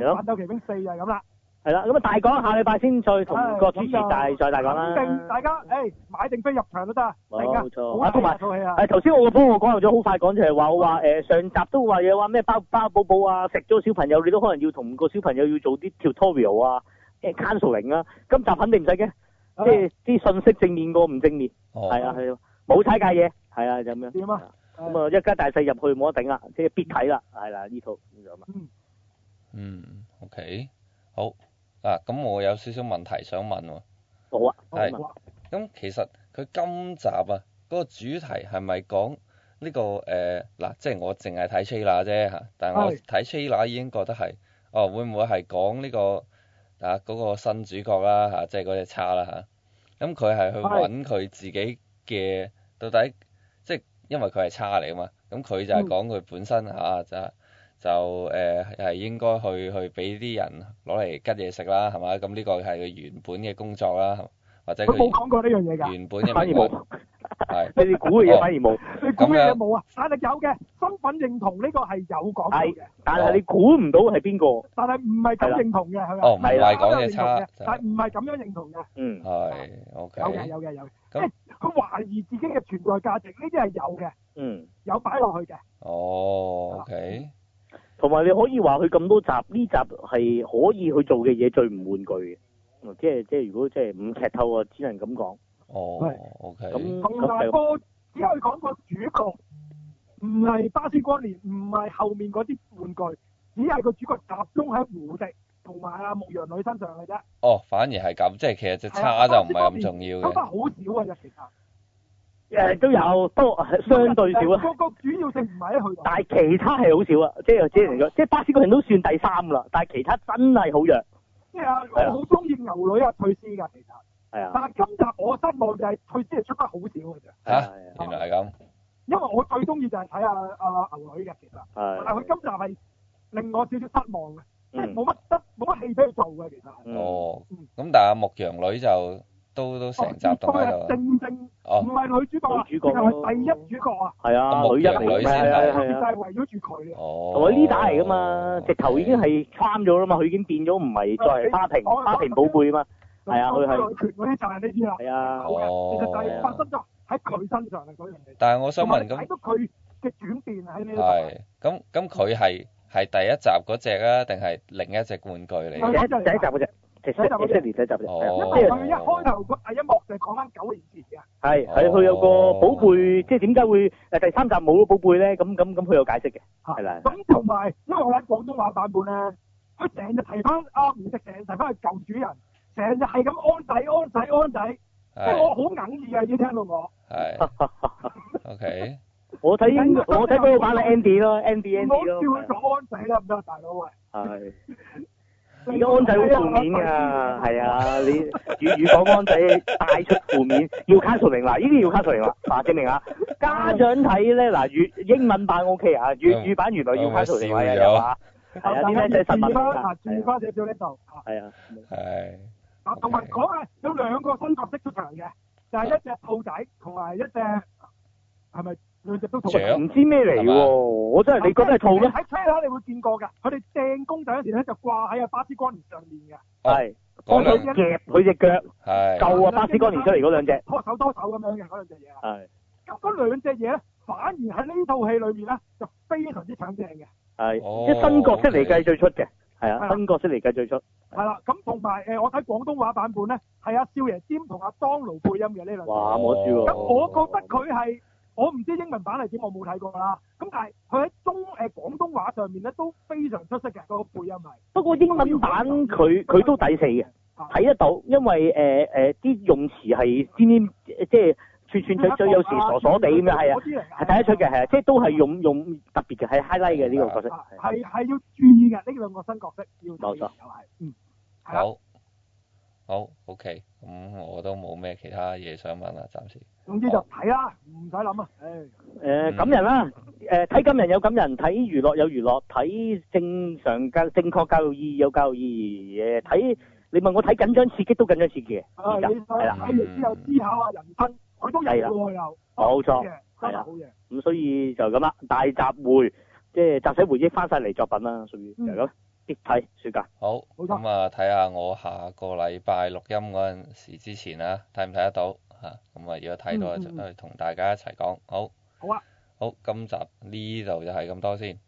啊 啊，反斗奇兵四就係咁啦，係啦，咁啊大講下禮拜先，再同個主持人再大講啦。哎、大講定大家誒、哎、買定飛入場都得，冇錯。啊，同埋誒，頭、啊、先、啊啊啊啊、我個波、啊、我講到咗，好快講就係、是、話我話誒，上集都說話嘢話咩包包寶寶啊，食咗小朋友你都可能要同個小朋友要做啲 tutorial 啊，誒、啊、counseling 啊，今集肯定唔使驚，即係啲信息正面過唔正面，係啊係，冇踩界嘢，係啊就咁樣。點啊？咁啊，一家大細入去冇得頂啦，即係必睇啦，係啦呢套咁樣嘛。嗯，嗯，OK，好啊。咁我有少少問題想問喎。啊，冇問啊。咁其實佢今集啊，嗰個主題係咪講呢個誒？嗱，呃，即係我淨係睇 trailer 嘅吓，但我睇 trailer 已經覺得係，哦，啊，會唔會係講呢個啊嗰個新主角啦、啊、吓，即係嗰隻叉啦吓。咁佢係去搵佢自己嘅到底？因為佢係差嚟啊嘛，咁佢就係講佢本身嚇、嗯啊、就就誒係應該去去俾啲人攞嚟吉嘢食啦，係咪？咁呢個係佢原本嘅工作啦，或者佢冇講過呢樣嘢㗎，原本嘅工作。 的 係你哋估嘅嘢反而冇，你估嘅嘢冇啊，但係有嘅身份認同呢個係有講嘅，係，但係你估唔到係邊個，但係唔係咁認同嘅佢，唔係咁認同嘅，但係唔係咁樣認同嘅，嗯係，OK，有嘅有嘅有嘅，即係佢懷疑自己嘅存在價值呢啲係有嘅，嗯，有擺落去嘅，哦，OK，同埋你可以話佢咁多集呢集係可以去做嘅嘢最唔玩具嘅，哦，即係即係如果即係唔劇透啊，只能咁講。哦、嗯嗯，OK，咁同大哥只可以講個主角，唔係巴斯光年，唔係後面嗰啲玩具，只係個主角集中喺胡迪同埋阿牧羊女身上嘅啫。哦，反而係咁，即係其實只差就唔係咁重要嘅。差好少啊，其實是。誒、yeah，都有多相對少啊。個個主要性唔係喺佢，但係其他係好少啊，即係只能夠， 即係巴斯光年都算第三啦，但係其他真係好弱。即係啊，我好中意牛女啊，退師噶其實。但係今集我失望就係佢真係出得好少嘅啫。嚇，原來係咁。因為我最中意就係睇阿阿牛女嘅，其實。係。但係佢今集係令我少少失望嘅，即係冇乜得冇乜戲俾佢做嘅，其實。哦。嗯。咁但係阿牧羊女就都都成集都有。正正唔係女主角啊，直頭係第一主角啊。係啊，女一嚟嘅。特別就係圍繞住佢。哦。同埋呢打嚟噶嘛，直頭已經係翻咗啦嘛，佢已經變咗唔係再係花瓶，花瓶寶貝啊嘛。係啊，佢係權位就係呢啲啊，狗嘅，其實就係發生咗喺佢身上嘅嗰樣嘢。但係我想問咁，睇到佢嘅轉變喺呢度。係咁咁，佢係係第一集嗰隻啊，定係另一隻玩具嚟？第一集第一集嗰隻，第一集嗰隻年仔集嗰隻。哦。一開頭個第一幕就係講翻九年前嘅。係係佢有個寶貝，即係點解會誒第三集冇咗寶貝咧？咁咁咁，佢有解釋嘅。係啦。咁同埋因為我喺廣東話版本咧，佢成日提翻啊唔識成日提翻佢舊主人。成日係咁安仔安仔安仔，係我好耿意啊！要聽到我。係。O、okay、K。我睇我睇嗰個版咧 Andy 咯 a d n 佢做安仔啦唔得大佬位？係。而家安仔好負面噶，係啊！ 你粵語講安仔帶出負面，要 c a s t l i n g 啦，依啲要 c a s t l i n g 啦。嗱，證明啊，家長睇咧嗱英文版 O、OK、K 啊，粵語版原來要 c a s t l i n g 有啊？係、嗯、啊，啲啊？啊，同埋講嘅有兩個新角色出場嘅，就係一隻兔仔同埋一隻，係咪兩隻都兔啊？唔知咩嚟喎，我真係你覺得係兔咩？喺車下你會見過嘅，佢哋掟公仔嗰時咧就掛喺阿巴斯光年上面嘅，係幫佢夾佢隻腳，係救阿巴斯光年出嚟嗰兩隻，拖手拖手咁樣嘅嗰兩隻嘢啊，係嗰兩隻嘢咧反而喺呢套戲裏面咧就非常之搶鏡嘅，係即新角色嚟計最出嘅。係啊，新角色嚟計最出。係啦，咁同埋誒，我睇廣東話版本咧，係阿少爺占同阿當奴配音嘅呢兩。哇！冇得輸喎。咁我覺得佢係，我唔知英文版係點，我冇睇過啦。咁但係佢喺中誒廣東話上面咧都非常出色嘅，嗰個配音係。不過英文版佢佢都抵死嘅，睇得到，因為誒誒啲用詞係尖尖，即係。串串嘴嘴，有時傻傻地咁樣，係啊，係第一出嘅，係啊，即係、啊啊啊啊啊啊、都係用用特別嘅，係 highlight 嘅呢個角色，係、啊、係、啊、要注意嘅呢兩個新角色要，要特別係，嗯，好，啊、好，OK，咁我都冇咩其他嘢想問啦，暫時總之就睇啊，唔使諗啊，誒、嗯，誒感人啦，誒睇感人有感人，睇娛樂有娛樂，睇正常教正確教育意義有教育意義，誒睇你問我睇緊張刺激都緊張刺激嘅，係啦，睇完之後思考下人生。佢都冇錯？真係好嘢。咁所以就咁啦，大集會即係集體回憶翻晒嚟作品啦，屬於就係咁。啲題雪噶。好，冇錯。咁啊，睇下我下個禮拜錄音嗰陣時之前啊，睇唔睇得到嚇？咁啊，如果睇到、嗯、就都去同大家一齊講。好。好啊。好，今集呢度就係咁多先。